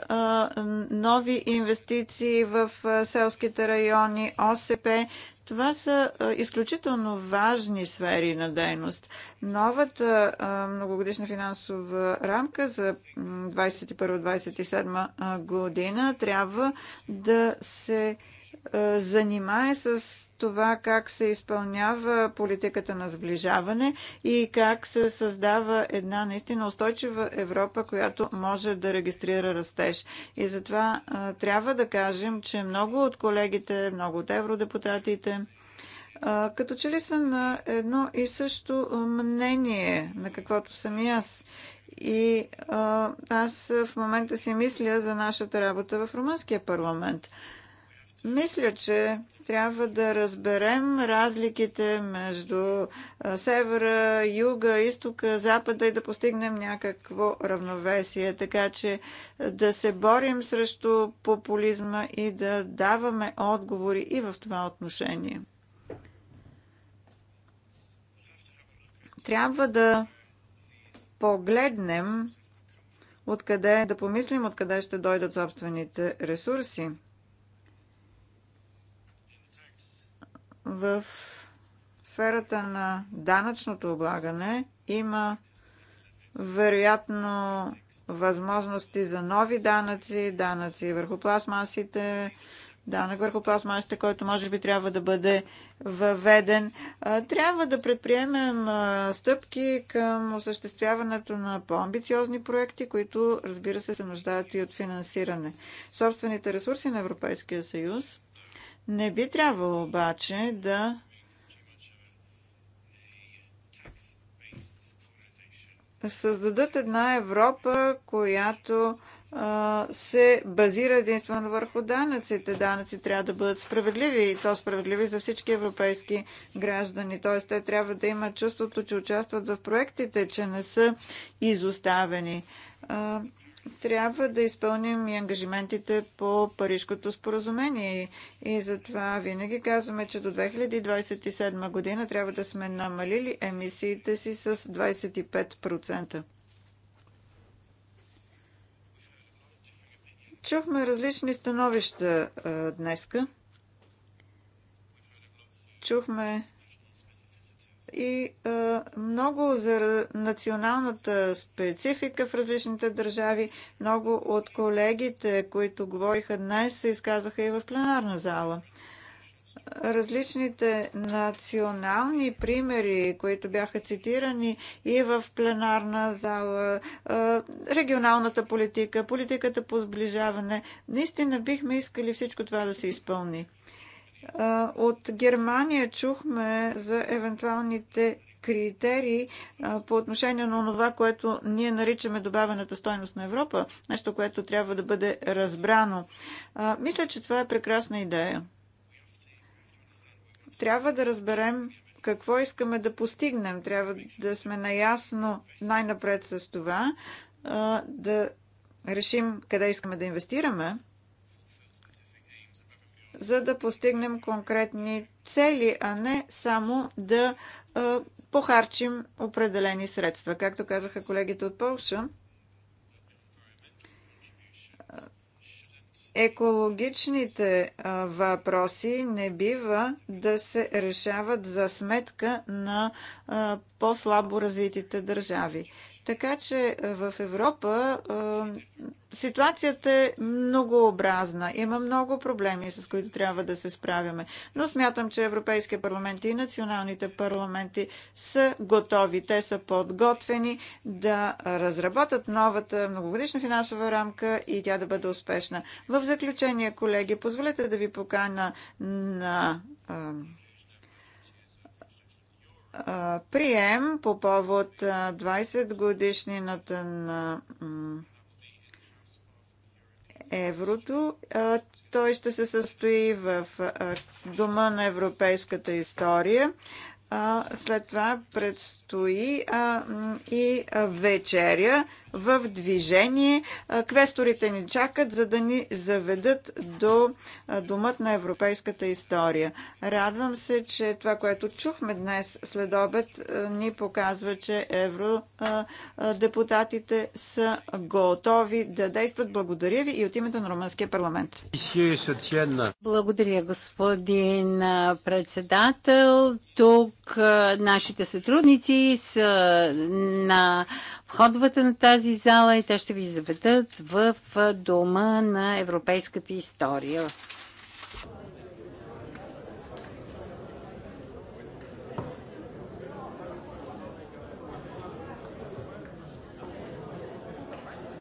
нови инвестиции в селските райони, ОСП. Това са изключително важни сфери на дейност. Новата многогодишна финансова рамка за 2021-2027 година трябва да се е, занимае с това как се изпълнява политиката на сближаване и как се създава една наистина устойчива Европа, която може да регистрира растеж. И затова е, трябва да кажем, че много от колегите, много от евродепутатите, е, като че ли са на едно и също мнение, на каквото съм и аз. И а, аз в момента си мисля за нашата работа в Румънския парламент. Мисля, че трябва да разберем разликите между севера, юга, изтока, запада и да постигнем някакво равновесие, така че да се борим срещу популизма и да даваме отговори и в това отношение. Трябва да погледнем откъде, да помислим откъде ще дойдат собствените ресурси – В сферата на данъчното облагане има вероятно възможности за нови данъци, данъци върху пластмасите, данък върху пластмасите, който може би трябва да бъде въведен. Трябва да предприемем стъпки към осъществяването на по-амбициозни проекти, които разбира се се нуждаят и от финансиране. Собствените ресурси на Европейския съюз не би трябвало обаче да създадат една Европа, която се базира единствено върху данъците. Данъци трябва да бъдат справедливи и то справедливи за всички европейски граждани. Т.е. те трябва да имат чувството, че участват в проектите, че не са изоставени трябва да изпълним и ангажиментите по Парижкото споразумение. И затова винаги казваме, че до 2027 година трябва да сме намалили емисиите си с 25%. Чухме различни становища днеска. Чухме и а, много за националната специфика в различните държави. Много от колегите, които говориха днес, се изказаха и в пленарна зала. Различните национални примери, които бяха цитирани и в пленарна зала, регионалната политика, политиката по сближаване, наистина бихме искали всичко това да се изпълни. От Германия чухме за евентуалните критерии по отношение на това, което ние наричаме добавената стойност на Европа, нещо, което трябва да бъде разбрано. Мисля, че това е прекрасна идея. Трябва да разберем какво искаме да постигнем. Трябва да сме наясно най-напред с това, да решим къде искаме да инвестираме за да постигнем конкретни цели, а не само да похарчим определени средства. Както казаха колегите от Полша, екологичните въпроси не бива да се решават за сметка на по-слабо развитите държави. Така че е, в Европа е, ситуацията е многообразна. Има много проблеми, с които трябва да се справяме. Но смятам, че Европейския парламент и националните парламенти са готови. Те са подготвени да разработят новата многогодишна финансова рамка и тя да бъде успешна. В заключение, колеги, позволете да ви покана на е, прием по повод 20 годишнината на еврото. Той ще се състои в Дома на европейската история. След това предстои и вечеря в движение. Квесторите ни чакат, за да ни заведат до Думът на европейската история. Радвам се, че това, което чухме днес след обед, ни показва, че евродепутатите са готови да действат. Благодаря ви и от името на Румънския парламент. Благодаря, господин председател. Тук нашите сътрудници са на входвате на тази зала и те ще ви заведат в дома на европейската история.